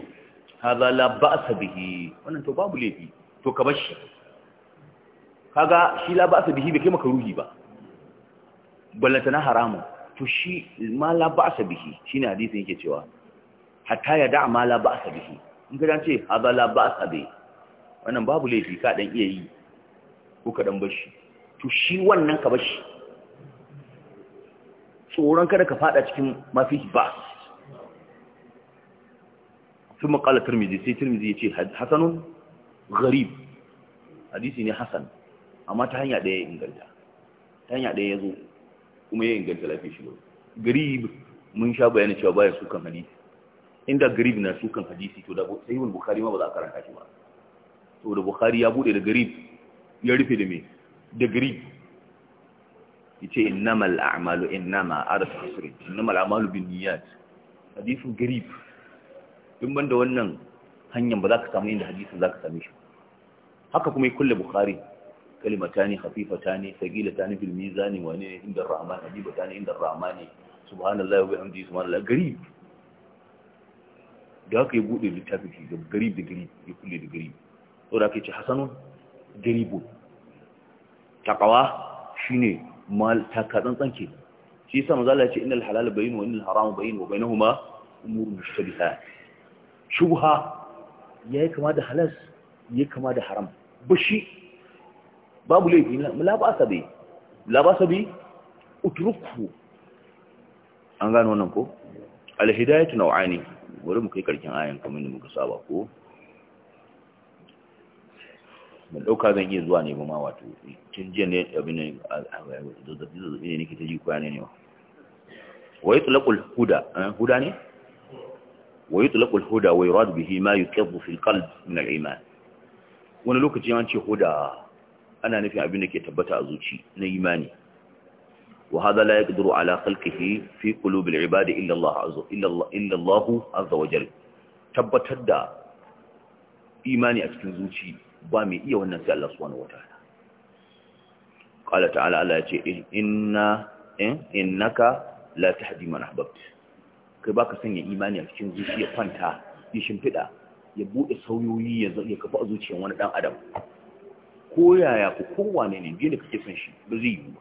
hadha la ba'sa bihi wannan to babu laifi to ka bar shi kaga shi la ba'sa bihi bai kai maka ruhi ba ballanta na haramun to shi ma la ba'sa bihi shine hadisin yake cewa hatta ya da ma la ba'sa bihi in ka ce hadha la ba'sa bihi wannan babu laifi ka dan iya yi ko ka dan bar shi to shi wannan ka bar shi tsoron kada ka fada cikin mafi ba su makala turmizi sai turmizi ya ce hasanun garib hadisi ne hasan amma ta hanya daya ya inganta ta hanya daya ya zo kuma ya inganta lafi shi garib mun sha bayanin cewa bayan sukan hadisi inda garib na sukan hadisi to da wani bukhari ma ba za a karanta shi ba to da bukhari ya bude da garib ya rufe da me da garib yace innamal a'malu innama arsu usri innamal a'malu binniyat hadithun garib din banda wannan hanyar ba za ka samu inda hadisin za ka same shi haka kuma yi kulle bukhari kalimatani khafifatani sagilatani fil mizani wa ne inda rahman habibatani inda rahmani subhanallahi wa bihamdihi subhanallahi garib da haka ya bude littafi shi da garib da garib ya kulle da garib to da haka yace hasanun garibun Takawa shine mal takatsantsan ke shi sa manzo Allah ya ce innal halal bayyin wa innal haram bayyin wa bainahuma umur mushtabiha shubha yayi kama da halal yayi kama da haram bashi babu laifi la ba sabi la ba sabi utruku an gano wannan ko al hidayatu naw'ani bari mu kai karkin ayan kamar da muka saba ko ban ɗauka zan iya zuwa ne ba ma wato cin jiya zazzabi ne nake ta ji ne wa tulakul huda eh, huda ne tulakul huda bihi ma yi fil kalb min al'iman wani lokaci an ce huda ana nufin abin da ke tabbata a zuci na imani wa hada la yaqdiru ala khalqihi fi qulubil ibadi illa Allah azza illa Allah azza wa jalla tabbatar da imani a cikin zuci ba mai iya wannan sai Allah subhanahu wataala qala ta'ala Allah yace, inna eh, innaka la tahdi man ahbabt kai baka sanya imani a cikin zuciya kwanta ya shimfida ya bude sauyoyi ya ya kafa a zuciyar wani dan adam ko yaya ku kowane ne biye da kake san shi ba zai yi ba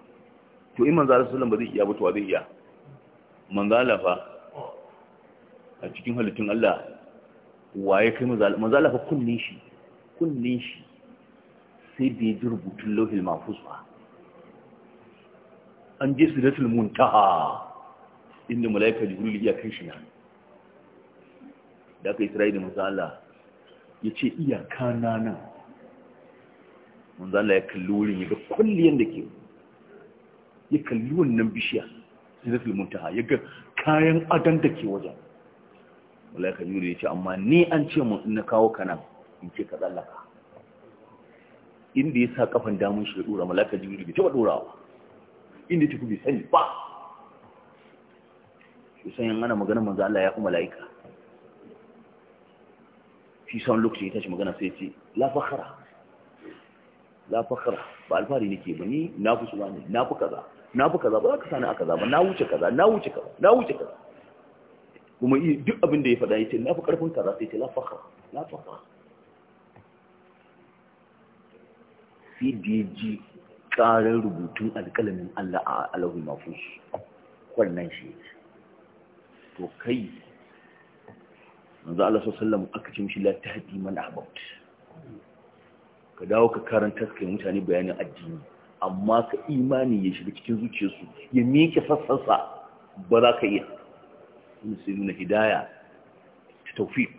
to in manzo sallallahu ba zai iya ba to zai iya manzo Allah fa a cikin halittun Allah waye kai manzo Allah manzo Allah fa kullin shi kunnen shi sai da ya ji rubutun lauhin mafus ba an je su datul muntaha inda mala'ika jihun liya kan shi na da aka isra'ila da Allah ya ce iyaka na nan manzo Allah ya kalli wurin ya ga kulliyan da ke ya kalli wannan bishiya sidratul muntaha ya ga kayan adan da ke wajen mala'ika jibril ya ce amma ni an ce mun na kawo ka in ce ka tsallaka inda ya sa kafan damun shi da dora malaka jibril bai taba dorawa inda tafi bai sani ba shi san yan ana magana manzo Allah ya kuma malaika shi san lokaci ita shi magana sai ce la fakhara la fakhara ba alfari nake ba ni na fi suwa ne na fi kaza na fi kaza ba za ka sani a kaza ba na wuce kaza na wuce kaza na wuce kaza kuma duk abin da ya faɗa ya ce na fi ƙarfin kaza sai ce la fakhara la fakhara sai da ya ji ƙarar rubutun alƙalamin Allah a alahu mafus wannan shi to kai manzo Allah sallallahu aka ce mishi la tahdi man ahbabt ka dawo ka karanta kai mutane bayanin addini amma ka imani ya shiga cikin zuciyarsu ya miƙe sassansa ba za ka iya wani sai nuna hidaya ta taufiq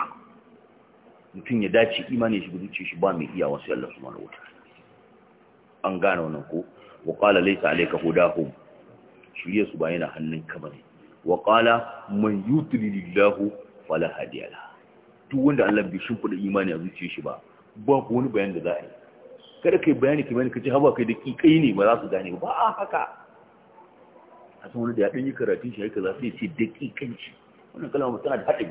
mutum ya dace imani ya shiga zuciyarsu ba mai iya wasu Allah subhanahu wataala an gane wannan ko wa qala laysa alayka hudahum shirye su ba yana hannun ka bane wa qala man yudlilillahu fala hadiya la duk wanda Allah bai da imani a zuciyar shi ba ko wani bayani da za a yi kada kai bayani kai bayani kace haba kai da kikai ne ba za su gane ba a haka a san wani da ya dan yi karatun shi haka za su ce dakikanci wannan kalma tana da hadari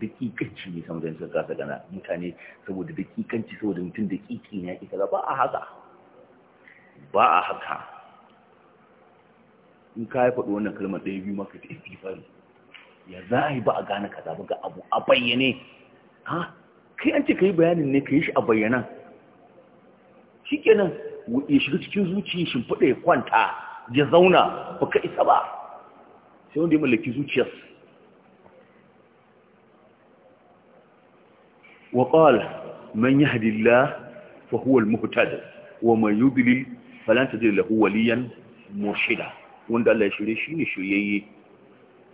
dakikanci ne sama da suka kasa gana mutane saboda dakikanci saboda mutum da kiki ne yake kaza ba a haka ba a haka in ka yi faɗo wannan kalmar ɗaya biyu maka ta istifari ya za a yi ba a gane kaza ba ga abu a bayyane ha kai an ce ka yi bayanin ne ka yi shi a bayyana shi kenan ya shiga cikin zuciya shimfiɗa ya kwanta ya zauna ba ka isa ba sai wanda ya mallaki zuciyarsa وقال من يهدي الله فهو المهتد ومن يضلل فلن تجد له وليا مرشدا wanda Allah ya shirye shi ne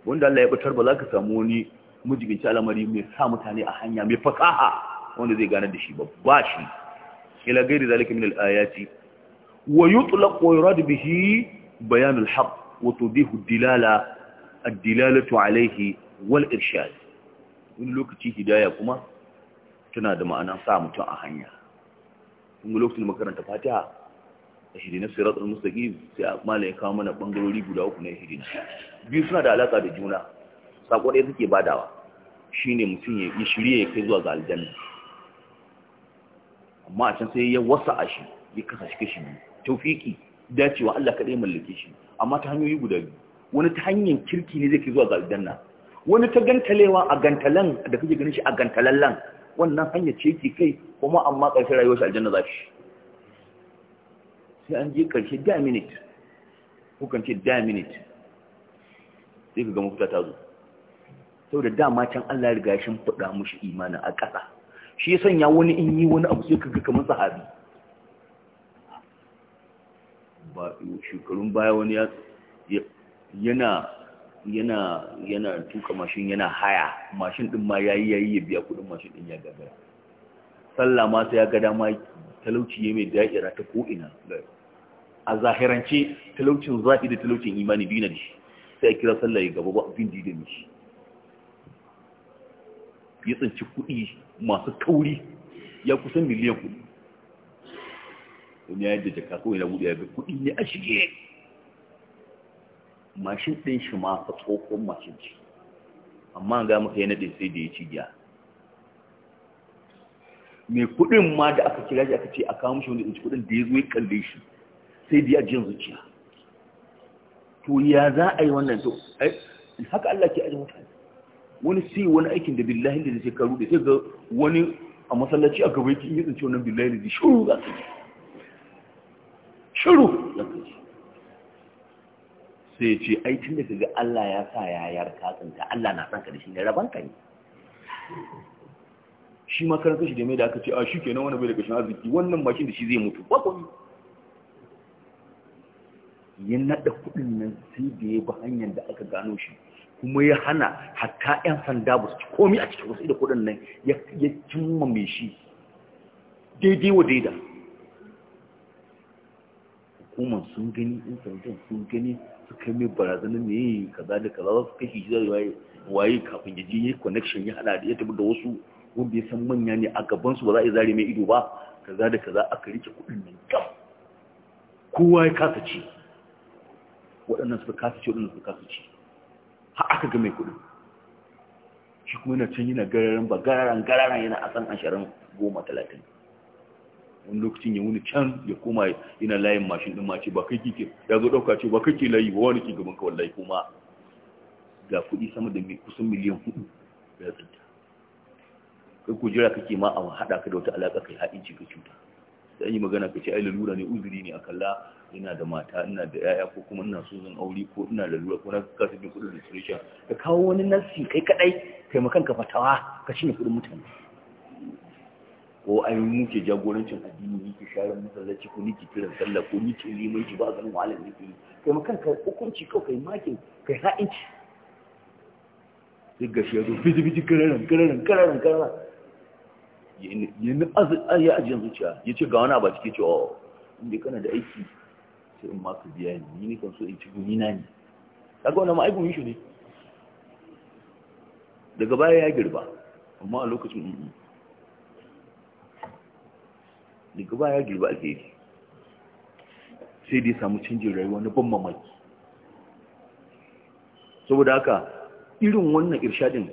wanda Allah batar ba za ka samu wani mujibinci al'amari mai sa mutane a hanya mai fasaha wanda zai gane da shi ba ba shi ila gairi zalika min al-ayati wa yutlaq wa yurad bihi bayan al-haq wa tudihu ad-dilala ad-dilalatu alayhi wal irshad wani lokaci hidaya kuma tana da ma'ana sa mutum a hanya kun lokacin makaranta fatiha a na siratul mustaqim sai ya kawo mana bangarori guda uku na shirin biyu suna da alaka da juna sako ɗaya suke badawa shine mutum ya shirye ya kai zuwa ga aljanna amma a can sai ya wasa a shi ya kasa shi kashi biyu taufiki dacewa Allah kaɗai mallake shi amma ta hanyoyi guda biyu wani ta hanyar kirki ne zai kai zuwa ga aljanna wani ta gantalewa a gantalan da kake ganin shi a gantalallan wannan hanya ce ke kai kuma amma ƙarshe rayuwar shi aljanna za shi sai an je ƙarshe daminit minute hukan ce daminit sai ka ga mafita ta zo da dama can Allah ya riga shi faɗa mushi imanin a ƙasa shi ya sanya wani in yi wani abu sai ka ga kamar sahabi ba shekarun baya wani yana yana tuka mashin yana haya mashin din ma yayi yayi ya biya kudin mashin din ya gagara sallah ma sai ya ga dama talauci ya mai da'ira ta ko'ina. ina a zahirance talaucin zafi da talaucin imani biyu na shi sai a kira sallah ya gaba ba abin da ya shi ya tsinci kuɗi masu kauri ya kusan miliyan kuɗi wani ya yadda jaka kawai na buɗe ya bi kuɗi ne a shige mashin ɗin shi ma fa tsohon mashin ce amma ga maka yana sai da ya ci giya mai kuɗin ma da aka kira shi aka ce a kawo da wani ci kuɗin da ya zo ya kalle shi sai da ya jin zuciya to ya za a yi wannan to haka Allah ke ajin mutane wani sai wani aikin da billahi da zai karu da sai ga wani a masallaci a gaba yake yi tsinci wannan billahi da zai shuru za ka ji shuru za ka ji sai ce ai tun da kaga Allah ya sa ya yar katsinta Allah na san ka da shi ne rabon ka ne shi ma karan kashi da mai da aka ce a shi kenan wani bai da kashin arziki wannan mashin da shi zai mutu ba kuma ya naɗa kuɗin nan sai da ya bi hanyar da aka gano shi kuma ya hana hatta 'yan sanda ba su ci komi a cikin wasu da kudin nan ya cimma mai shi daidai wa daidai. hukumar sun gani in sandan sun gani su kai mai barazanin ne yi kaza da kaza za su kashe shi zai waye kafin ya je connection ya hada da ya tafi da wasu wanda ya san manya ne a gaban su ba za a zare mai ido ba kaza da kaza aka rike kudin nan kam kowa ya kasa ce, waɗannan suka kasa ce, waɗannan suka kasa ce har aka ga mai kudin shi kuma yana can yana gararan ba gararan gararan yana a san ashirin goma talatin wani lokacin ya wuni can ya koma ina layin mashin din mace ba kai kike ya zo dauka ce ba kake layi ba wani ke gaban ka wallahi kuma ga kuɗi sama da kusan miliyan hudu ya tsinta kai ku jira kake ma a haɗa ka da wata alaƙa kai ha'inci ka cuta da yi magana ka ce ai lalura ne uzuri ne akalla ina da mata ina da yaya ko kuma ina so zan aure ko ina lalura ko na kasa bin kuɗin registration ka kawo wani nasi kai kaɗai kai makan ka fatawa ka cinye kuɗin mutane ko an yi muke jagorancin addini ni ki share masallaci ko ni kiran sallah ko ni limanci ba ganin malam ne ki kai ma kai hukunci kai kai makin kai ha'inci duk gashi ya zo fiti fiti kararan kararan kararan kararan ya ni ya yanzu zuciya ya ce ga wani abu cike cewa oh, inda kana da aiki sai in maka biya ni ni kan so in ci gumi na ne kaga wannan ma'aikun shi ne daga baya ya girba amma a lokacin daga baya girba alheri sai dai samu canjin rayuwa na ban mamaki saboda haka irin wannan irshadin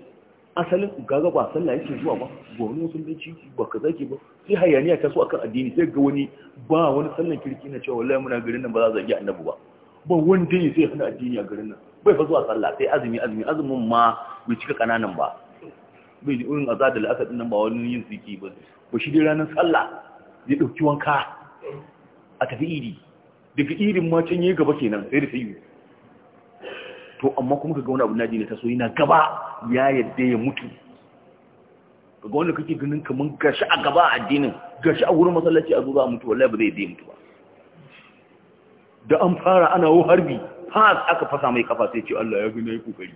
asalin gaga ba sallah yake zuwa ba gwamnati musulunci ba ka zaki ba sai hayaniya ta so akan addini sai ga wani ba wani sallan kirki na cewa wallahi muna garin nan ba za za yi annabi ba ba wanda ya sai hana addini a garin nan bai fa zuwa sallah sai azumi azumi azumin ma bai cika kananan ba bai irin azadul asad nan ba wani yin ziki ba ba shi dai ranar sallah ya ɗauki wanka a tafi iri daga irin ma can yi gaba kenan sai da sayu to amma kuma kaga wani abu naji ne ta so yana gaba ya yadda ya mutu kaga wanda kake ganin kamar gashi a gaba a addinin gashi a wurin masallaci a zuwa mutu wallahi ba zai yadda ya mutu ba da an fara ana wo harbi fas aka fasa mai kafa sai ce Allah ya gina yi kokari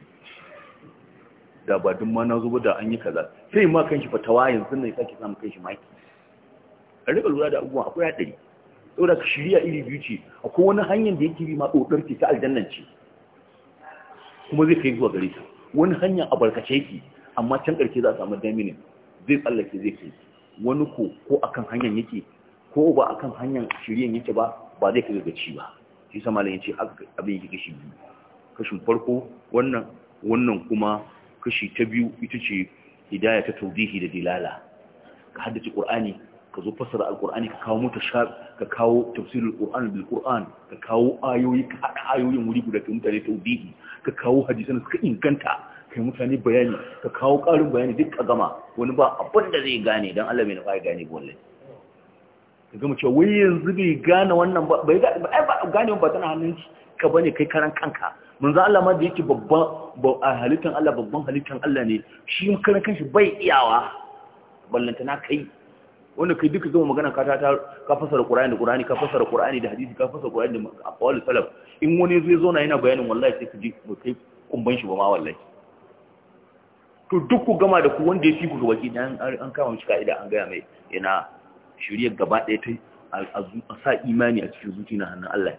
da ba duk ma na zo da an yi kaza sai ma kanshi fatawa yanzu ne sake samu kanshi maki ka rika lura da abubuwan akwai haɗari saboda ka shirya iri biyu ce akwai wani hanyar da yake bi ma tsotsar ce ta aljannan ce kuma zai kai zuwa gare ta wani hanyar a barkace yake, amma can ƙarshe za a samu daminin zai tsallake zai kai wani ko ko akan hanyar yake ko ba akan hanyar shiryen yake ba ba zai kai gaci ba shi sama da yace abin yake kashi biyu kashin farko wannan wannan kuma kashi ta biyu ita ce hidaya ta taudihi da dilala ka haddace qur'ani ka zo fassara alkur'ani ka kawo mutu shar ka kawo tafsirul qur'an bil qur'an ka kawo ayoyi ka hada ayoyin wuri guda ka mutane tauhidi ka kawo hadisan suka inganta kai mutane bayani ka kawo karin bayani duk ka gama wani ba abin da zai gane dan Allah mai nufa ya gane wallahi ka gama cewa wai yanzu bai gane wannan ba bai gane ba tana hannun ka bane kai karan kanka manzo Allah ma da yake babban halittan Allah babban halittan Allah ne shi karan kanshi bai iyawa ballantana kai wanda kai duka zama magana ka tata ka fasara Qur'ani da Qur'ani ka fasara Qur'ani da hadisi ka fasara Qur'ani da aqwalus salaf in wani zai zo na yana bayanin wallahi sai ka ji kai kumban shi ba ma wallahi to duk ku gama da ku wanda ya fi gaba baki dan an kama shi kaida an gaya mai ina shiriyar gaba ɗaya ta a sa imani a cikin zuciya na hannun Allah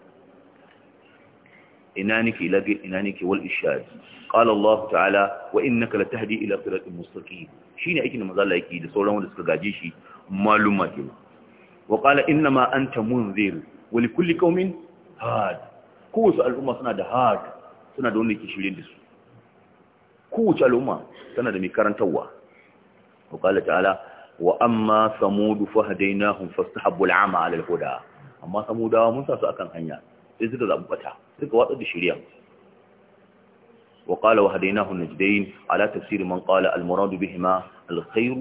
ina nake lage ina nake wal ishad qala Allah ta'ala wa innaka latahdi ila siratin mustaqim shine aikin manzo Allah yake da sauran wanda suka gaje shi معلوماتي وقال انما انت منذر ولكل قوم هاد كوس الامه سنه هاد سنه ده ني كشيرين دي كوس الامه سنه ده ميكرنتوا وقال تعالى واما ثمود فهديناهم فاستحبوا العمى على الهدى اما ثمود وموسى فكان هنيا اذا ده بطا سكه وقت دي وقال وهديناه النجدين على تفسير من قال المراد بهما الخير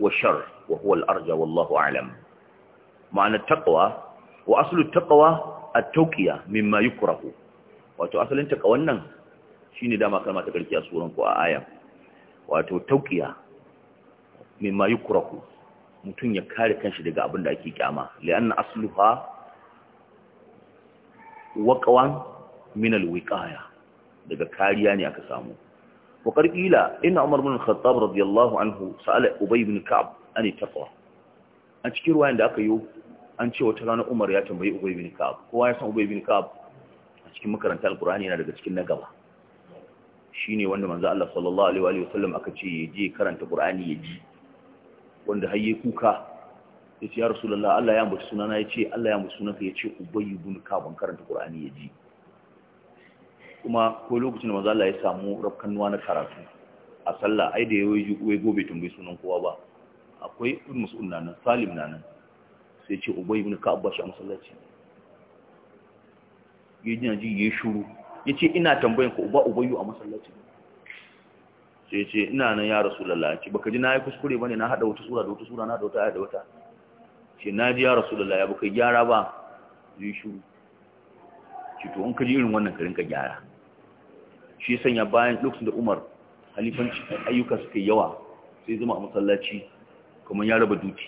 والشر wa huwa al-arja wallahu a'lam ma'ana taqwa wa aslu taqwa at-tawqiya mimma yukrahu wato asalin taqwa wannan shine dama kalma ta karki a suran ku a aya wato tawqiya mimma yukrahu mutum ya kare kanshi daga abin da ake kyama li'anna asluha waqwan min al-wiqaya daga kariya ne aka samu وقد قيل إن Umar بن al رضي الله عنه سأل أبي بن كعب ani takwa a cikin ruwayan da aka yi an ce wata rana Umar ya tambayi Ubay bin Ka'ab kowa ya san Ubay bin Ka'ab a cikin makarantar alkur'ani yana daga cikin na gaba shine wanda manzo Allah sallallahu alaihi wa alihi wasallam aka ce ya je karanta Qur'ani ya ji wanda har yayi kuka yace ya Rasulullah Allah ya ambaci sunana yace Allah ya ambaci sunanka yace Ubay bin Ka'ab karanta Qur'ani ya ji kuma ko lokacin da manzo Allah ya samu rafkanuwa na karatu a sallah ai da yayi gobe tambayi sunan kowa ba akwai musul na nan salim na nan sai ce ubay ibn ka ba shi a masallaci yaji ji yayi shuru ce ina tambayin ka uba ubayyu a masallaci sai ce ina nan ya rasu ce baka ji na yi kuskure bane na hada wata sura da wata sura na da wata ya da wata ce na ji ya rasu ya baka gyara ba Zai shuru ce to in ka ji irin wannan ka rinka gyara shi sanya bayan lokacin da Umar halifanci ayyuka suka yawa sai zama a masallaci kamar ya raba duti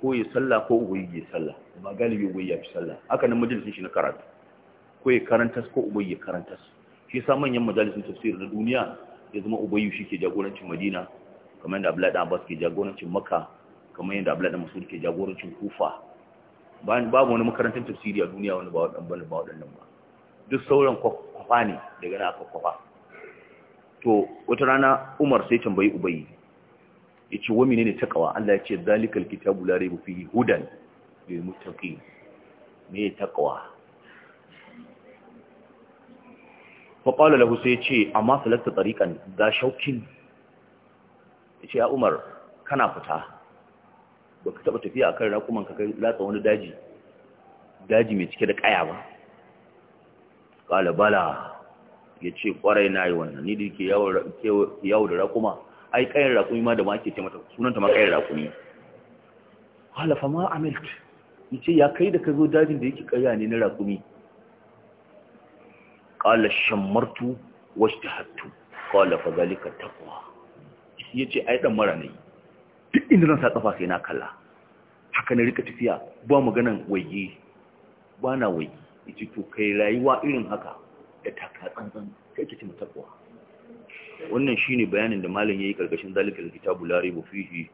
ko ya salla ko ubayi ya salla ba galibi ubayi ya fi salla haka nan majalisun shi na karatu ko ya karantas ko ubayi ya karantas shi sa manyan majalisun tafsir na duniya ya zama ubayi shi ke jagorancin madina kamar yadda abdullahi dan abbas ke jagorancin makka kamar yadda abdullahi dan masud ke jagorancin kufa babu wani makarantar tafsiri a duniya wani ba waɗannan ba waɗannan ba duk sauran kwafa ne daga na aka kwafa to wata rana umar sai tambayi ubayi yace wa menene takawa Allah yace zalikal kitabu la rayba fihi hudan lil muttaqin me takawa fa qala lahu sai yace amma salatu tariqan ga shaukin yace ya Umar kana fita baka taba tafiya akan rakuman ka kai latsa wani daji daji mai cike da kaya ba qala bala yace kwarai nayi wannan ni dike yawo yawo da rakuma ai kayan rakumi ma da ma ake ce mata sunanta ma kayar raƙumi qala fa ma amilt yace ya kai da ka zo dajin da yake kaya ne na rakumi qala shammartu wajtahattu qala fa zalika taqwa yace ai dan mara ne duk inda na sa kafa sai na kalla haka na rika tafiya ba maganan waye ba na waye yace to kai rayuwa irin haka da taka tsantsan kici kace wannan shine bayanin da malam yayi karkashin zalikal kitabu la raiba fihi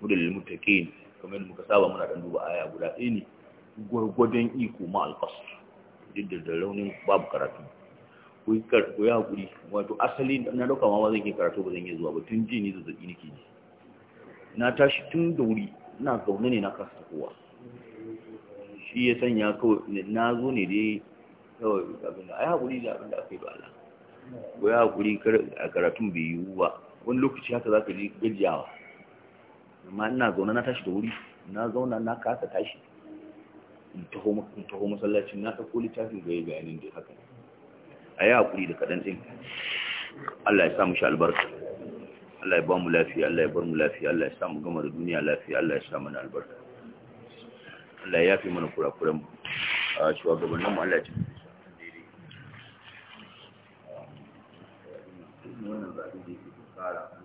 hudal lil muttaqin kamar yadda muka saba muna dan duba aya guda ɗaya ne gwargwadon iko ma alqasr duk da raunin babu karatu ku yi hakuri wato asali na dauka ma zan yi karatu ba zan yi zuwa ba tun ji ni zazzabi nake ji na tashi tun da wuri Ina zaune ne na kasa kowa shi ya sanya kawai na zo ne dai kawai abin da ai hakuri da abin da aka yi ba Allah ko ya hakuri a karatun bai yiwu ba wani lokaci haka za ka ji gajiyawa amma ina zaune na tashi da wuri na zauna na kasa tashi in taho masallacin na ɗauko littafin ga yi bayanin da haka a yi haƙuri da kaɗan ɗin Allah ya samu shi albarka Allah ya ba mu lafiya Allah ya bar mu lafiya Allah ya samu gama da duniya lafiya Allah ya samu na albarka Allah ya fi mana kurakuran a shugabanninmu Allah ya wannan zaɓi da yake tsara